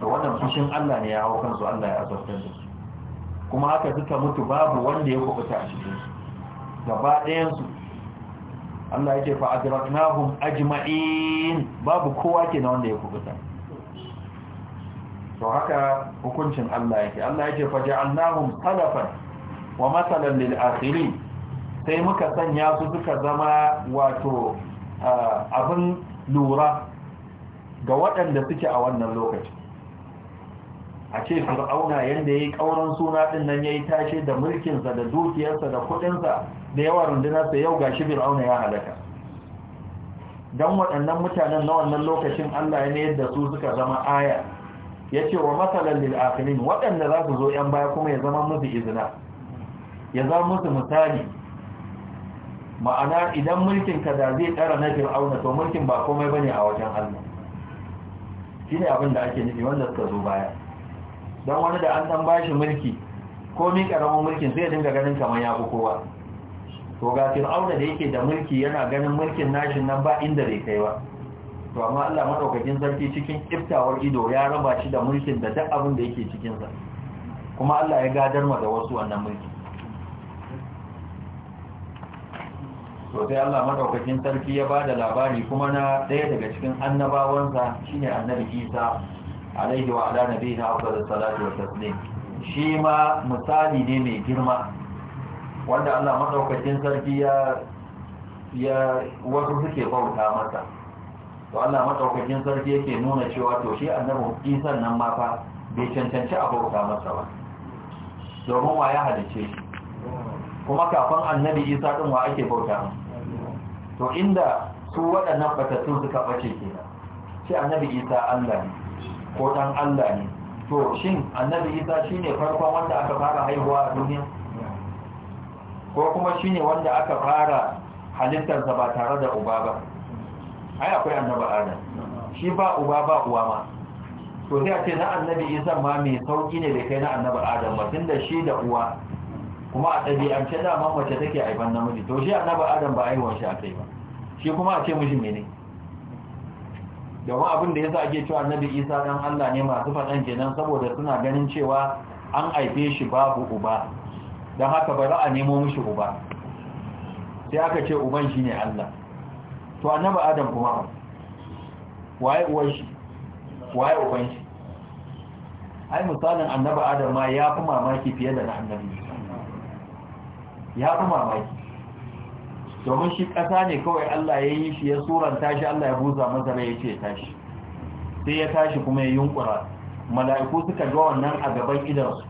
to wannan fushin Allah ne ya hau kansu Allah ya azabtar da su kuma haka suka mutu babu wanda ya kubuta a cikin su gaba ɗayan su Allah ya ce fa adraknahum ajma'in babu kowa ke na wanda ya kubuta to haka hukuncin Allah yake Allah yake faja'alnahum salafan wa masalan lil akhirin sai muka sanya su suka zama wato abin lura ga waɗanda suke a wannan lokaci a ce fir'auna yadda ya yi ƙauran suna ɗin nan ya yi tashe da mulkinsa da dukiyarsa da kuɗinsa da yawa rundunarsa yau ga shi fir'auna ya halaka don waɗannan mutanen na wannan lokacin allah ya ne yadda su suka zama aya ya ce wa matsalar lil'afirin waɗanda za su zo ‘yan baya kuma ya zama musu izina ya zama musu misali ma'ana idan mulkin ka da zai tsara na fir'auna to mulkin ba komai bane a wajen allah shi ne abin da ake nufi wanda suka zo baya don wani da an dan bashi mulki ko mi mulkin zai dinga ganin kamar ya fi kowa to ga fir'auna da yake da mulki yana ganin mulkin nashin nan ba inda zai kai to amma Allah madaukakin sarki cikin iftawar ido ya raba shi da mulkin da duk abin da yake cikin sa kuma Allah ya gadar ma da wasu wannan mulki to sai Allah madaukakin sarki ya bada labari kuma na daya daga cikin annabawansa shine annabi Isa alaihi wa ala nabiyina afdalus salatu wa taslim shi ma misali ne mai girma wanda Allah madaukakin sarki ya ya wasu suke bauta masa to Allah madaukakin sarki yake nuna cewa to shi annabi Isa nan ma fa bai cancanci abu bauta masa ba domin wa ya halice shi kuma kafin annabi Isa din wa ake bauta to inda su waɗannan batattun suka bace kenan shi annabi Isa Allah ne ko dan Allah ne to shin annabi Isa shine farkon wanda aka fara haihuwa a duniya ko kuma shine wanda aka fara halittarsa ba tare da uba ba ai akwai annabi adam shi ba uba ba uwa ma to sai a ce na annabi isa ma mai sauki ne da kai na annabi adam ba tunda shi da uwa kuma a ɗabi'ance dama mace take haifan namiji to shi annabi adam ba aiwon shi akai ba shi kuma a ce mishi mene domin abin da yasa ake cewa annabi isa dan Allah ne masu faɗan kenan saboda suna ganin cewa an haife shi babu uba don haka za a nemo mishi uba sai aka ce uban shine Allah to annaba adam kuma waye uwan shi waye uban shi ai misalin annaba adam ma ya fi mamaki fiye da na annabi ya fi mamaki domin shi ƙasa ne kawai Allah ya yi shi ya suranta tashi Allah ya buza masa rai ya ce tashi sai ya tashi kuma ya yunkura mala'iku suka ga wannan a gaban idansu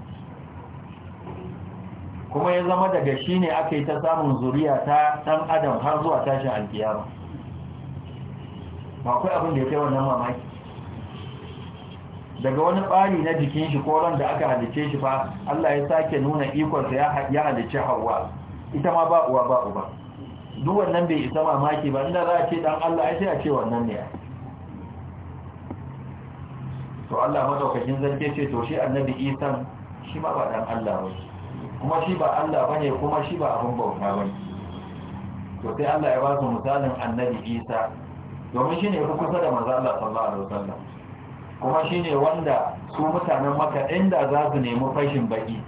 kuma ya zama daga shi ne aka yi ta samun zuriya ta ɗan adam har zuwa tashin alkiyama ba kai abin da ya kai wannan mamaki daga wani ɓari na jikin shi ko ran da aka halice shi fa Allah ya sake nuna sa ya halice Hawwa ita ma ba uwa ba uba duk wannan bai isa mamaki ba inda za a ce dan Allah ai sai a ce wannan ne to Allah ma madaukakin zarge ce to shi annabi Isa shi ma ba dan Allah ba kuma shi ba Allah bane kuma shi ba abun bauta bane to sai Allah ya ba su misalin annabi Isa domin shine ya kusa da maza Allah sallallahu alaihi wasallam kuma ne wanda su mutanen maka inda za su nemi fashin baki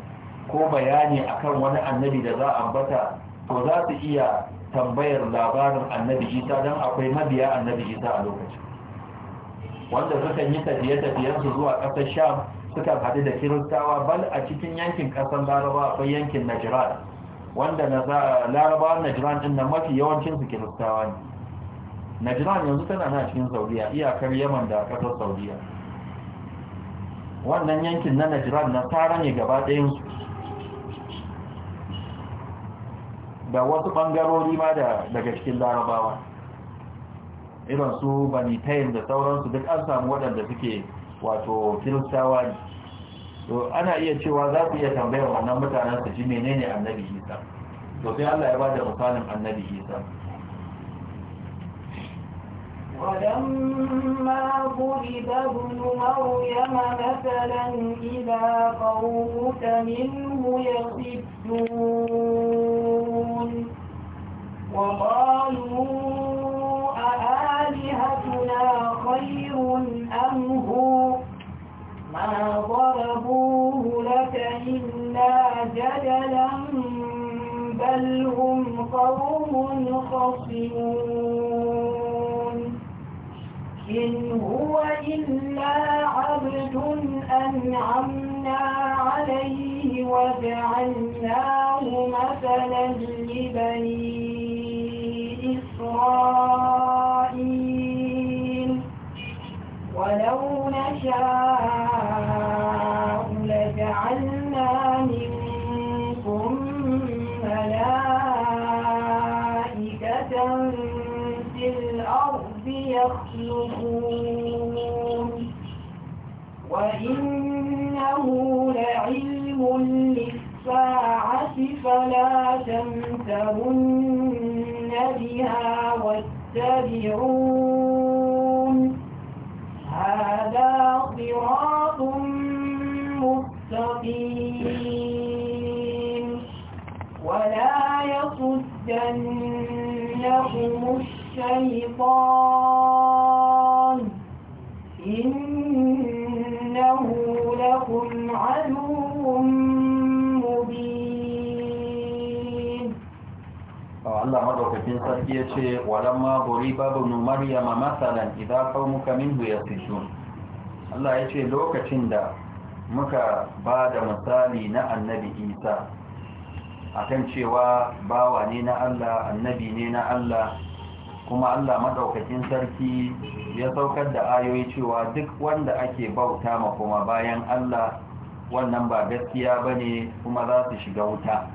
ko bayani akan wani annabi da za a ambata to za su iya tambayar labarin annabi isa don akwai mabiya annabi isa a lokacin wanda sukan yi tafiye-tafiyensu zuwa ƙasar sham suka haɗu da kiristawa bal a cikin yankin ƙasar laraba akwai yankin najiran wanda laraba najiran ɗin na mafi yawancinsu kiristawa ne Najiran yanzu tana na cikin saudiya iyakar yaman da kasar saudiya wannan yankin na najran na tsara ne gaba da wasu ɓangarori ma daga cikin larabawa irin su bani tayin da sauransu duk an samu waɗanda suke wato kiristawa ne to ana iya cewa za su iya tambayar wannan mutanen su ji menene annabi isa to sai allah ya ba da misalin annabi isa ولما ضرب ابن مريم مثلا إذا قومك منه يصدون وقالوا أآلهتنا خير أم هو ما ضربوه لك إلا جدلا بل هم قوم خصمون إن هو إلا عبد أنعمنا عليه وجعلناه مثلا لبني إسرائيل ولو نشاء وإنه لعلم للساعة فلا تمترن بها واتبعون هذا صراط مستقيم ولا يصدنكم الشيطان لهم عدو مبين الله مدوكتين سكية ولما ضرب ابن مريم مثلا إذا قومك منه يصفون الله يشي لوكتين دا muka ba da misali na annabi isa akan cewa bawa ne na allah annabi ne na allah kuma Allah madaukakin sarki ya saukar da ayoyi cewa duk wanda ake bauta ma kuma bayan Allah wannan ba gaskiya ba ne kuma za su shiga wuta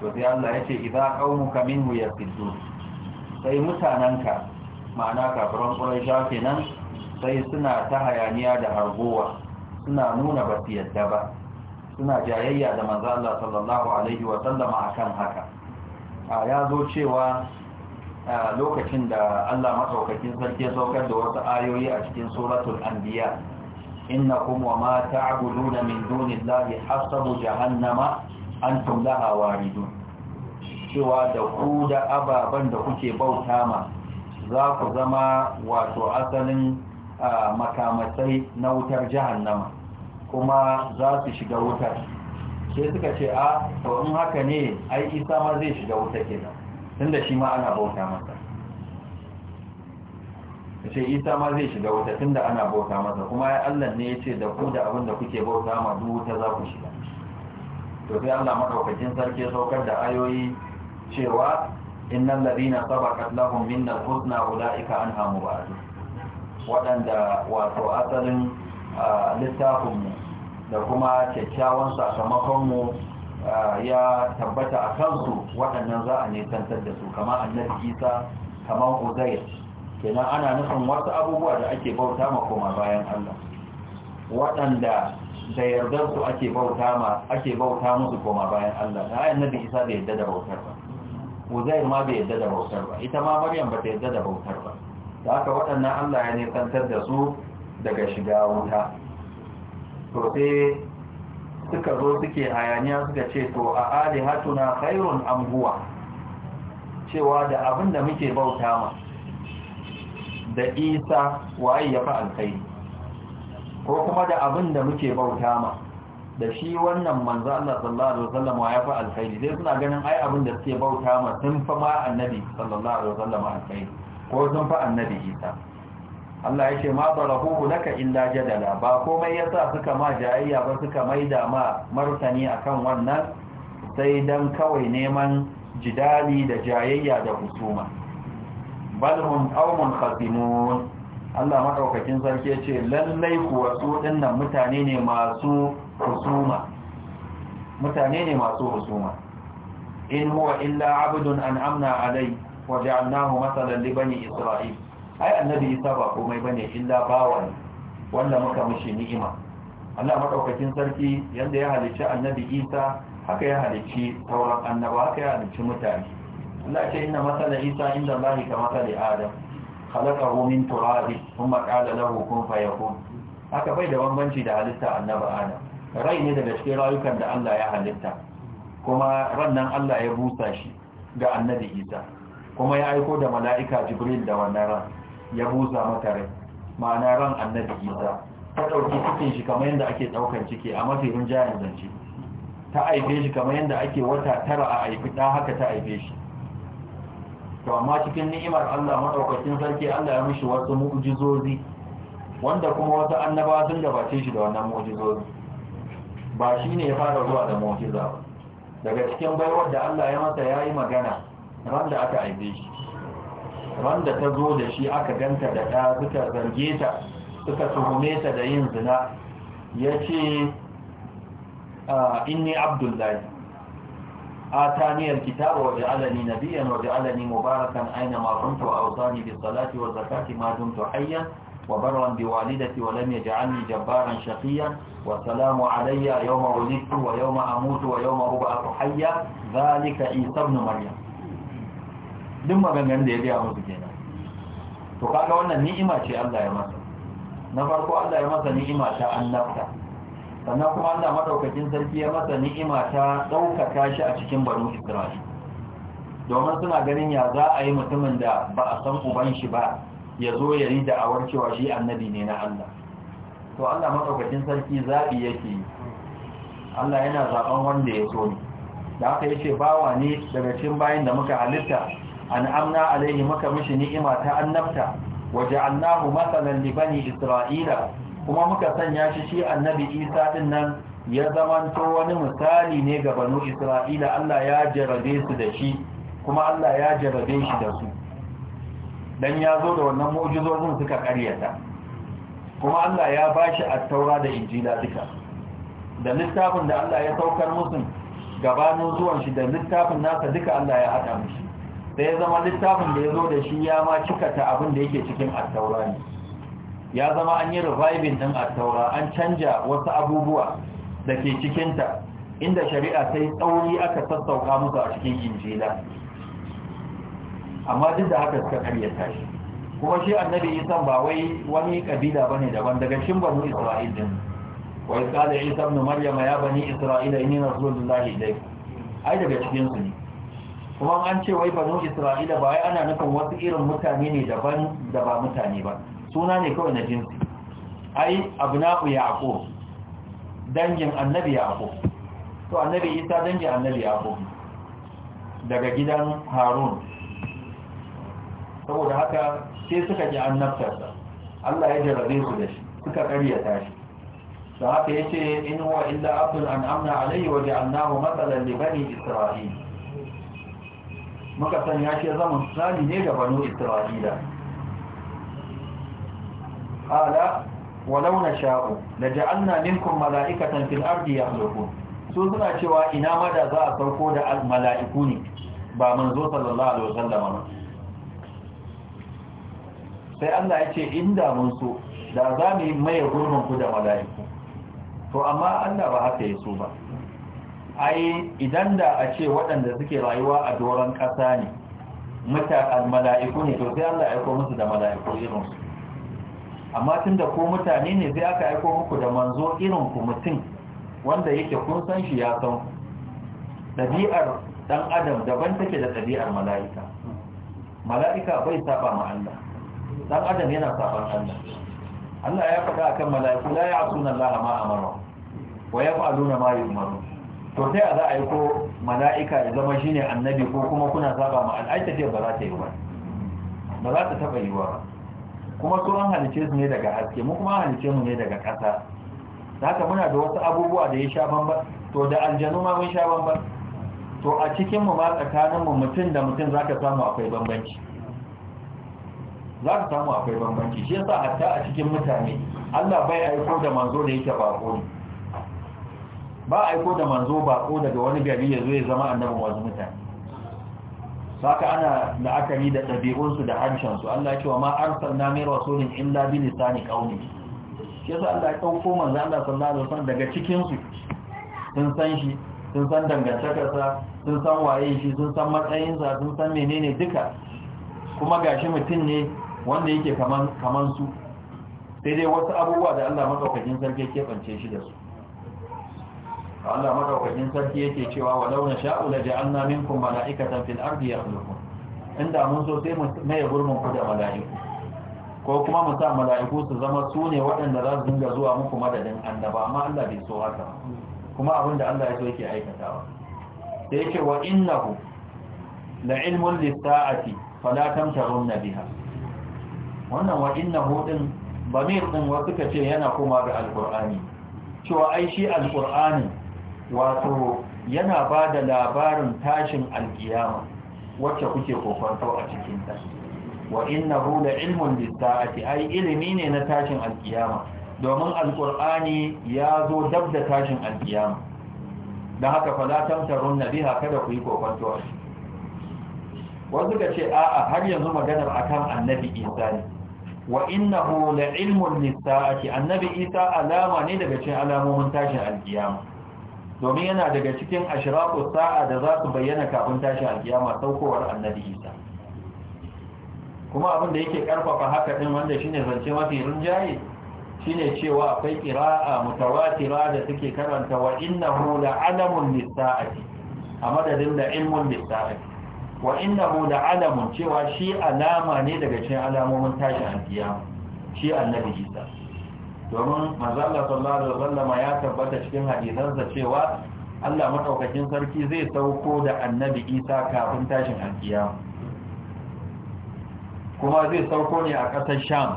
to sai Allah ya ce idza kaumuka minhu yasuddu sai mutananka ma'ana kafiran quraisha kenan sai suna ta hayaniya da hargowa suna nuna ba su yadda ba suna jayayya da manzo Allah sallallahu alaihi wa sallama akan haka a ya zo cewa lokacin da Allah madaukakin sarki ya saukar da wasu ayoyi a cikin suratul anbiya إنكم وما تعبدون من دون الله حسب جهنم أنتم لها واردون cewa da ku da ababen da kuke bauta ma za ku zama wato asalin makamasai na wutar jahannama kuma za su shiga wutar sai suka ce a to in haka ne ai isa ma zai shiga wuta Tun da shi ma ana bauta masa ce isa ma zai shiga wuta tunda ana bauta masa kuma ya allah ne ya ce da ku da abin da kuke bauta ma duk wuta za ku shiga to sai allah maɗaukakin sarki ya saukar da ayoyi cewa innan ladina sabaqat katlahun minna husna ulaika anha mubadu waɗanda wato asalin littafinmu da kuma kyakkyawan sakamakonmu ya tabbata a kansu waɗannan za a nisantar da su kama annabi isa kamar uzair kenan ana nufin wasu abubuwa da ake bauta ma koma bayan Allah waɗanda da yardar su ake bauta ma ake bauta musu koma bayan Allah da ayan nabi Isa bai yadda da bautar ba Uzair ma bai yadda da bautar ba ita ma Maryam bata ta yadda da bautar ba da haka waɗannan Allah ya nisantar da su daga shiga wuta to sai suka zo suke hayaniya suka ce to a alihatuna khairun am cewa da abinda muke bauta ma da isa waye ya fi alkhairi ko kuma da abin da muke bauta ma da shi wannan manzo Allah sallallahu alaihi wasallam ya fi alkhairi dai suna ganin ai abin da suke bauta ma sun fa ma annabi sallallahu alaihi wasallam ko sun fa annabi isa Allah ya ce ma barahu laka illa jadala ba komai yasa suka ma jayayya ba suka maida ma martani akan wannan sai dan kawai neman jidali da jayayya da husuma balhum aumun khatimun Allah madaukakin sarki ce lallai kuwa su dinnan mutane ne masu husuma mutane ne masu husuma in huwa illa abdun an'amna alai waje masalan li bani isra'il ai annabi isa ba komai bane illa bawan wanda muka mushi ni'ima Allah madaukakin sarki yadda ya halicci annabi isa haka ya halicci sauran annaba haka ya halicci mutane Allah ce inna matsala Isa inda Allah ka masala Adam khalaqahu min turab thumma qala na kun fayakun haka bai da bambanci da halitta annabi Adam rai ne daga cikin rayukan da Allah ya halitta kuma rannan Allah ya busa shi ga annabi Isa kuma ya aiko da mala'ika Jibril da wannan ran ya busa mata rai ma'ana ran annabi Isa ta ɗauki cikin shi kamar yadda ake ɗaukan ciki a mafi rinjayen zance ta aife shi kamar yadda ake wata tara a aifi ɗa haka ta aife shi to amma cikin ni'imar Allah madaukakin sarki Allah ya mishi wasu mu'jizozi wanda kuma wasu annabawa sun gabace shi da wannan mu'jizozi ba shi ne ya fara zuwa da mu'jiza ba daga cikin baiwar da Allah ya masa yayi magana ran da aka aibe shi ran da ta zo da shi aka ganta da ta suka zarge ta suka tuhume ta da yin zina ya ce ah, inni abdullahi آتاني الكتاب وجعلني نبيا وجعلني مباركا أينما كنت وأوصاني بالصلاة والزكاة ما دمت حيا وبرا بوالدتي ولم يجعلني جبارا شقيا والسلام علي يوم ولدت ويوم أموت ويوم أبعث حيا ذلك عيسى ابن مريم duk maganganun da ya biya musu kenan to kaga wannan ni'ima ce Allah ya masa na farko Allah ya masa ni'ima ta annabta sannan kuma Allah madaukakin sarki ya masa ni'ima ta ɗaukaka shi a cikin banu Isra'il domin suna ganin ya za a yi mutumin da ba a san uban shi ba ya zo ya yi da'awar cewa shi annabi ne na Allah to Allah madaukakin sarki zabi yake yi Allah yana zaɓen wanda ya so ni. da aka yace bawa ne daga cikin bayan da muka halitta an'amna alaihi muka mishi ni'ima ta annabta waja'alnahu masalan li bani isra'ila kuma muka sanya shi shi annabi isa din nan ya zamanto wani misali ne ga banu isra'ila Allah ya jarabe su da shi kuma Allah ya jarabe shi da su dan ya zo da wannan mu'jizozin suka karyata kuma Allah ya bashi at-taura da injila duka da littafin da Allah ya saukar musu gabanin zuwan shi da littafin nasa duka Allah ya hada mushi sai ya zama littafin da ya zo da shi ya ma cika ta abin da yake cikin at-taura ne ya zama an yi reviving din a taura, an canja wasu abubuwa da ke cikinta inda shari'a sai tsauri aka sassauka musu a cikin injila amma duk da haka suka karya tashi. kuma shi annabi isa ba wai wani kabila ne daban daga cikin banu isra'il din wai tsada isa ibn maryama ya bani isra'ila inni rasulullahi dai ai daga cikinsu ne kuma an ce wai banu isra'ila ba wai ana nufin wasu irin mutane ne daban da ba mutane ba suna ne kawai na jinsi ai abu abna'u yaqub dangin annabi ya yaqub to annabi isa dangin annabi yaqub daga gidan harun saboda haka sai suka ji annabtarsa Allah ya jarabe su da shi suka karya tashi. da haka ya ce in huwa illa abdul an'amna alayhi wa ja'alnahu matsalan li bani isra'il muka sanya shi zama tsari ne ga banu isra'ila qala walau nasha'u laja'alna minkum mala'ikatan fil ardi yakhluqun so suna cewa ina ma da za a farko da mala'iku ne ba manzo sallallahu alaihi wasallam ba sai Allah ya ce inda mun so da za mu maye gurbin ku da mala'iku to amma Allah ba haka ya so ba ai idan da a ce waɗanda suke rayuwa a doron ƙasa ne mata mala'iku ne to sai Allah ya aiko musu da mala'iku irinsu amma tun da ko mutane ne sai aka aiko muku da manzo irin ku mutum wanda yake kun san shi ya san ɗabi'ar ɗan adam daban take da ɗabi'ar mala'ika mala'ika bai saba ma Allah ɗan adam yana saban Allah Allah ya faɗa akan mala'iku la ya'suna Allah ma amara wa yaf'aluna ma yu'maru to sai a za a yi ko mala'ika ya zama shine annabi ko kuma kuna saba ma al'aita ce ba za ta yi ba ba za ta taɓa yi ba kuma sauran halice su ne daga haske mu kuma halice mu ne daga ƙasa da haka muna da wasu abubuwa da ya sha bamban to da aljanu ma mun sha bamban to a cikin mu ma tsakanin mu mutum da mutum zaka samu akwai bambanci zaka samu akwai bambanci shi yasa hatta a cikin mutane Allah bai aiko da manzo da yake bako ne ba aiko da manzo bako daga wani gari ya zo ya zama annabi wasu mutane saka ana la'akari da ɗabi'unsu da harshensu Allah ya ce wa ma arsalna min rasulin illa bi lisani qaumi yasa Allah ya dauko manzo Allah sallallahu alaihi wasallam daga cikin su sun san shi sun san dangantakarsa sun san waye shi sun san matsayin sa sun san menene duka kuma gashi mutum ne wanda yake kaman kaman su sai dai wasu abubuwa da Allah madaukakin sarki ya kebance shi da su Allah madaukakin sarki yake cewa wa launa sha'u la ja'alna minkum mala'ikatan fil ardi yakhluqun inda mun so sai mu maye gurbin ku da mala'iku ko kuma mu sa mala'iku su zama su ne waɗanda za su dinga zuwa muku madadin annaba amma Allah bai so haka kuma abinda Allah ya so yake aikatawa Sai yake wa innahu la ilmun lis-sa'ati fala tamtarunna biha wannan wa innahu din bamir din wasu kace yana koma ga alqur'ani cewa ai shi alqur'ani wato yana ba da labarin tashin alkiyama wacce kuke kokwanto a cikinta wa inna hula ilmun lissa'ati ai ilimi ne na tashin alkiyama domin alkur'ani ya zo dab da tashin alkiyama da haka falatan tarun na biha kada ku yi kokwanto a ciki wasu ka ce a'a har yanzu maganar akan annabi isa ne wa innahu hula ilmun lissa'ati annabi isa alama ne daga cin alamomin tashin alkiyama domin yana daga cikin ashiraku sa'a da za su bayyana kafin tashi alkiyama saukowar annabi Isa kuma abin da yake karfafa haka din wanda shine zance mafi rinjaye shine cewa akwai qira'a mutawatira da suke karanta wa innahu la'alamun lis a madadin da ilmun lis wa innahu la'alamun cewa shi alama ne daga cikin alamomin tashin alkiyama shi annabi Isa domin mazalla sallallahu alaihi ya tabbata cikin hadisansa cewa Allah madaukakin sarki zai sauko da annabi Isa kafin tashin alkiyama kuma zai sauko ne a ƙasar Sham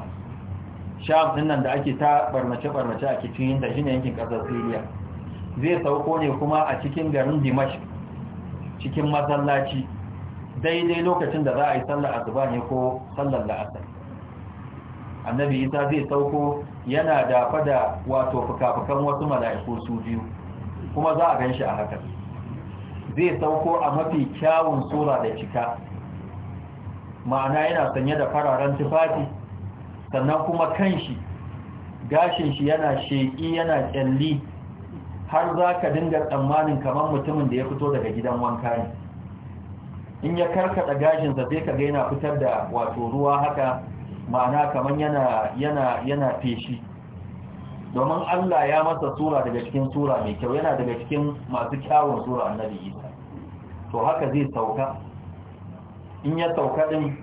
Sham din da ake ta barnace-barnace a cikin da shine yankin ƙasar Syria zai sauko ne kuma a cikin garin Dimash cikin masallaci daidai lokacin da za a yi sallar azuba ne ko sallar la'asar annabi isa zai sauko yana dafa da wato fukafukan wasu mala'iku su biyu kuma za a gan shi a haka zai sauko a mafi kyawun sura da cika ma'ana yana sanye da fararen tufafi sannan kuma kan shi gashin shi yana sheƙi yana ƙyalli har za ka dinga tsammanin kamar mutumin da ya fito daga gidan wanka ne in ya karkaɗa gashinsa zai ka ga yana fitar da wato ruwa haka ma'ana kamar yana yana yana feshi domin Allah ya masa sura daga cikin sura mai kyau yana daga cikin masu kyawun sura annabi Isa to haka zai sauka in ya sauka din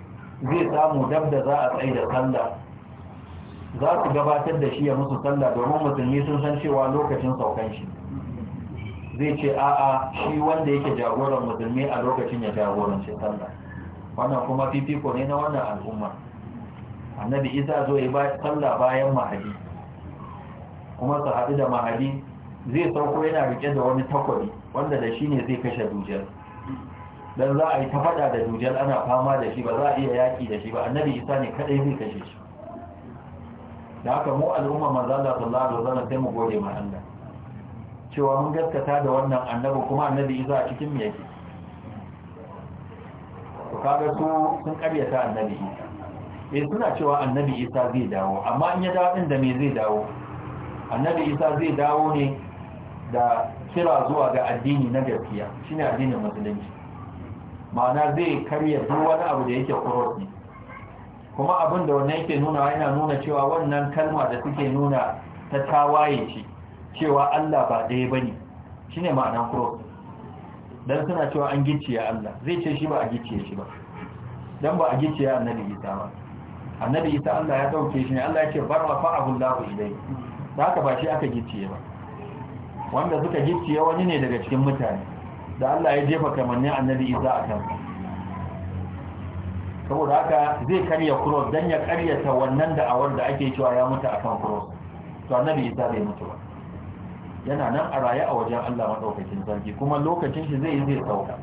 zai samu dab da za a tsaye da sallah za su gabatar da shi ya musu sallah domin musulmi sun san cewa lokacin saukan shi zai ce a'a shi wanda yake jagoran musulmi a lokacin ya jagoranci sallah wannan kuma fifiko ne na wannan al'umma annabi isa zo ya ba sallah bayan mahadi kuma su haɗu da mahadi zai sauko yana rike da wani takwari wanda da shi ne zai kashe dujjal dan za a yi ta faɗa da dujjal ana fama da shi ba za a iya yaƙi da shi ba annabi isa ne kaɗai zai kashe shi da haka mu al'umma manzala sallallahu alaihi wasallam sai mu gode ma Allah cewa mun gaskata da wannan annabi kuma annabi isa a cikin mu yake to kaga su sun karyata annabi isa eh suna cewa annabi isa zai dawo amma in ya dawo din da me zai dawo annabi isa zai dawo ne da kira zuwa ga addini na gaskiya shine addinin musulunci ma'ana zai karya duk wani abu da yake ne. kuma abin da wannan yake nuna yana nuna cewa wannan kalma da suke nuna ta tawaye ce cewa Allah ba ɗaya bane shine ma'anan kurosi dan suna cewa an gicciye Allah zai ce shi ba a gicciye shi ba dan ba a gicciye annabi Isa ba annabi isa Allah ya dauke shi ne Allah ya ce bar rafa'ahu Allahu ilayhi ba shi aka gicciye ba wanda suka gicciye wani ne daga cikin mutane da Allah ya jefa kamannin annabi isa a kansa saboda haka zai karya cross dan ya karyata wannan da'awar da ake cewa ya mutu akan cross to annabi isa bai mutu ba yana nan a raye a wajen Allah madaukakin sarki kuma lokacin shi zai yi zai sauka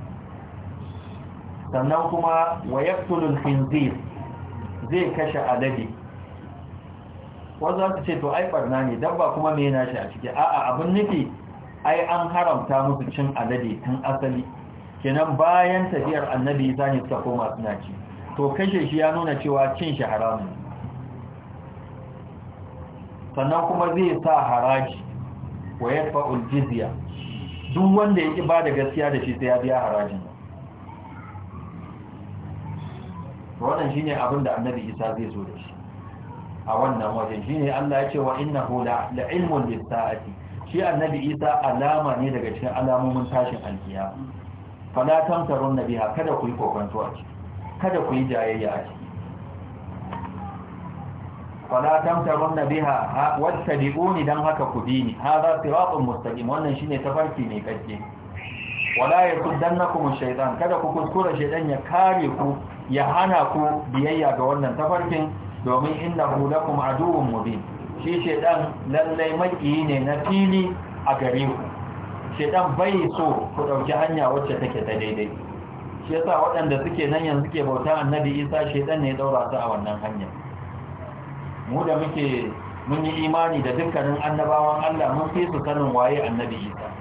sannan kuma wa yaqtulul khinzir zai kashe alade wanda su ce to ai barna ne dabba kuma me yana shi a ciki a'a abin nufi ai an haramta musu cin alade tun asali kenan bayan tafiyar annabi ne suka koma suna ci to kashe shi ya nuna cewa cin shi haramun sannan kuma zai sa haraji wa yadfa'ul jizya duk wanda ya ki ba da gaskiya da shi sai ya biya haraji wannan shine abin da annabi isa zai zo da shi a wannan wajen shine Allah ya ce wa innahu da ilmun lis-sa'ati shi annabi isa alama ne daga cikin alamomin tashin alkiyama fala tamtarun biya kada ku yi kokonto a ciki kada ku yi jayayya a ciki fala tamtarun wata wattabi'uni don haka ku bi ni Ha za hadha siratun mustaqim wannan shine tafarki mai kake wala ya yakundannakum ash shaidan? kada ku kuskura shaidan ya kare ku ya hana ku biyayya ga wannan tafarkin domin innahu lakum aduwwun mubin shi shedan lallai makiyi ne na fili a gare ku shedan bai so ku ɗauki hanya wacce take ta daidai shi yasa waɗanda suke nan yanzu ke bauta annabi isa shedan ne ya daura su a wannan hanya mu da muke mun yi imani da dukkanin annabawan Allah mun fi su sanin waye annabi isa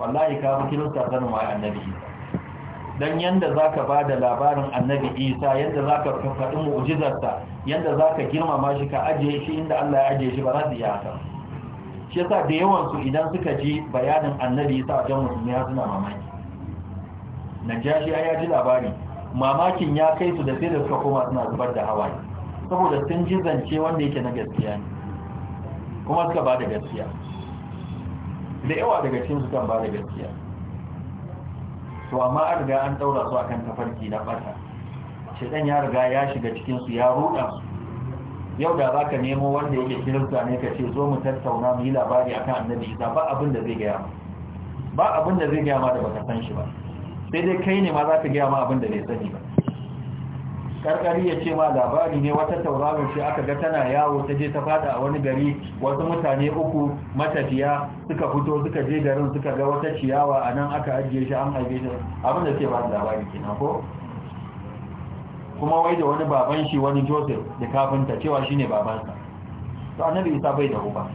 wallahi ka fi kirista sanin waye annabi isa dan yanda zaka bada labarin annabi Isa yanda zaka faɗi yadda yanda zaka girmama shi ka ajiye shi inda Allah ya ajiye shi ba za ya ta shi yasa da yawan su idan suka ji bayanin annabi Isa wajen musulmi ya suna mamaki najashi ya ji labari mamakin ya kai su da sai da suka koma suna zubar da hawaye saboda sun ji zance wanda yake na gaskiya ne kuma suka ba da gaskiya da yawa daga cikin su kan ba da gaskiya to amma an riga an daura su akan tafarki na bata shedan ya riga ya shiga cikin su ya ruda yau da baka nemo wanda yake kirista ne ka ce zo mu tattauna mu yi labari akan annabi isa ba abin da zai gaya ba abin da zai gaya ma da baka san shi ba sai dai kai ne ma za ka gaya ma abin da bai sani ba karkari ya ce ma labari ne wata tauraro shi aka ga tana yawo ta je ta fada a wani gari wasu mutane uku matafiya suka fito suka je garin suka ga wata ciyawa a nan aka ajiye shi an haife shi abinda da ba labari kenan ko kuma wai da wani baban shi wani joseph da kafinta cewa shine babansa to annabi isa bai da uba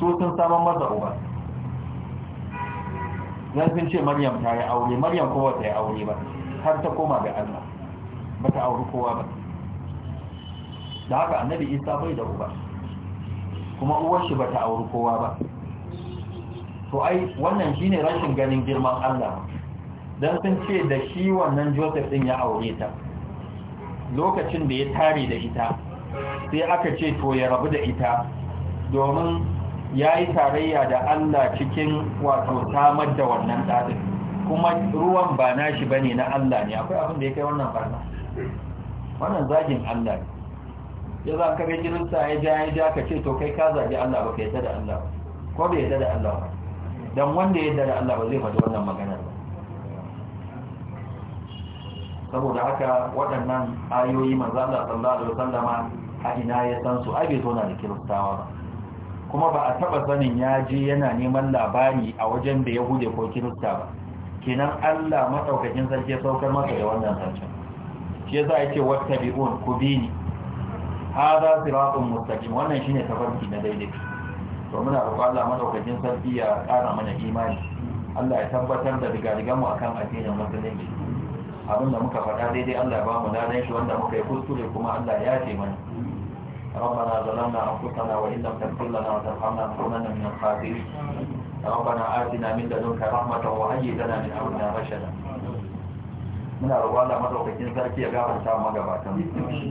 su sun saman masa uba yanzu ce maryam ta yi aure maryam kowa ta yi aure ba har ta koma ga allah ba ta auri kowa ba da haka annabi isa bai da uba kuma uwar shi ba ta auri kowa ba to ai wannan shine rashin ganin girman Allah dan sun ce da shi wannan Joseph din ya aure ta lokacin da ya tare da ita sai aka ce to ya rabu da ita domin ya yi tarayya da Allah cikin wato samar da wannan ɗaɗin kuma ruwan ba nashi bane na Allah ne akwai abin da ya kai wannan barna wannan zagin Allah ne ya za ka bai kirista ya ja ya ja ka ce to kai ka zagi Allah ba ka yadda da Allah ba ko bai yadda da Allah ba don wanda ya yadda da Allah ba zai faɗi wannan magana ba saboda haka waɗannan ayoyi manzo Allah sallallahu alaihi wasallama a ina ya san su ai bai zo na da kiristawa ba kuma ba a taba sanin ya je yana neman labari a wajen da yahude ko kirista ba kenan Allah madaukakin sarki ya saukar masa da wannan sarkin shi yasa yake wattabi'un ku bi ni hada siratun mustaqim wannan shine tafarki na daidai to muna roƙon Allah madaukakin sarki ya ƙara mana imani Allah ya tabbatar da rigarigar mu akan addinin musulunci abin da muka faɗa daidai Allah ya ba mu ladan shi wanda muka yi kuskure kuma Allah ya ce mana ربنا ظلمنا أنفسنا وإن لم تغفر لنا وترحمنا لنكونن من الخاسرين ربنا آتنا من لدنك رحمة وهيئ لنا من أمرنا رشدا muna roƙon da madaukakin sarki ya gafarta mu magabatan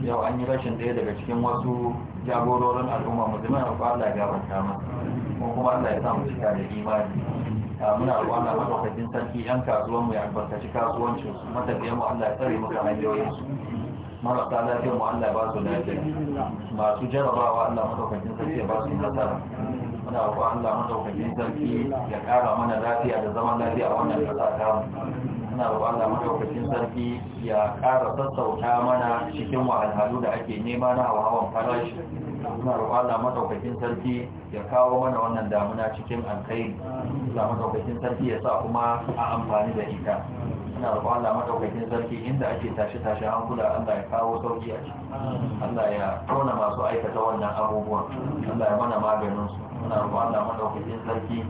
yau an yi rashin ɗaya daga cikin wasu jagororin al'umma mu ya roƙon Allah ya gafarta ma. kuma kuma Allah ya sa mu cika da imani ah, muna roƙon da madaukakin sarki yan kasuwan mu ya albarkaci kasuwancin su matafiyan mu Allah ya tsare muka hanyoyin su marasa lafiya mu Allah ya ba su lafiya masu jarabawa Allah madaukakin sarki ya ba su nasara muna roƙon Allah madaukakin sarki ya ƙara mana lafiya da zaman lafiya a wannan kasa ta mu suna roƙon Allah madaukakin sarki ya ƙara sassauta mana cikin wahalhalu da ake nema na hawan farashi suna roƙon Allah madaukakin sarki ya kawo mana wannan damuna cikin alkhairi Allah madaukakin sarki ya sa kuma a amfani da ita suna roƙon Allah madaukakin sarki inda ake tashi tashi an kula Allah ya kawo sauki a ciki Allah ya tona masu aikata wannan abubuwan Allah ya mana maganin su muna roƙon Allah madaukakin sarki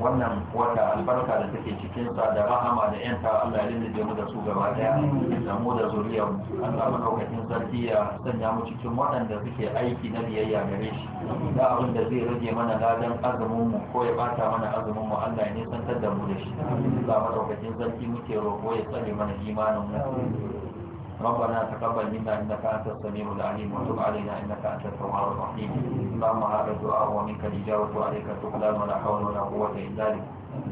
wannan wata albarka da take cikin sa da rahama da yanta Allah ya lullube mu da su gaba daya da mu da zuriyar Allah madaukakin sarki ya sanya mu cikin waɗanda suke aiki na biyayya gare shi da abin da zai rage mana ladan azumin mu ko ya bata mana azumin mu Allah ya nisantar da mu da shi Allah madaukakin sarki muke roƙo ya tsare mana imanin mu ربنا تقبل منا إنك أنت السميع العليم وتب علينا إنك أنت التواب الرحيم اللهم هذا الدعاء ومنك الإجابة عليك التقلال ولا حول ولا قوة إلا بك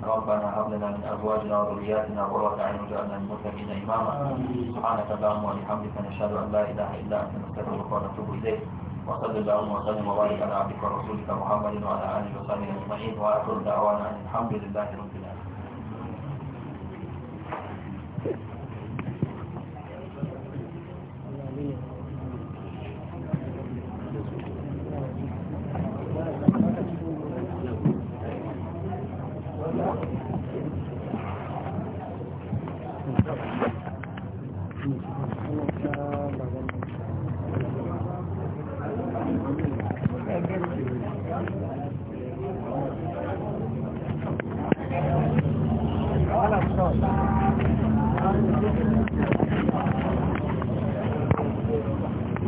ربنا هب لنا من أزواجنا وذرياتنا قرة أعين واجعلنا للمتقين إماما سبحانك اللهم وبحمدك نشهد أن لا إله إلا أنت نستغفرك ونتوب إليك وصل اللهم وسلم وبارك على عبدك ورسولك محمد وعلى آله وصحبه أجمعين وآخر دعوانا أن الحمد لله رب العالمين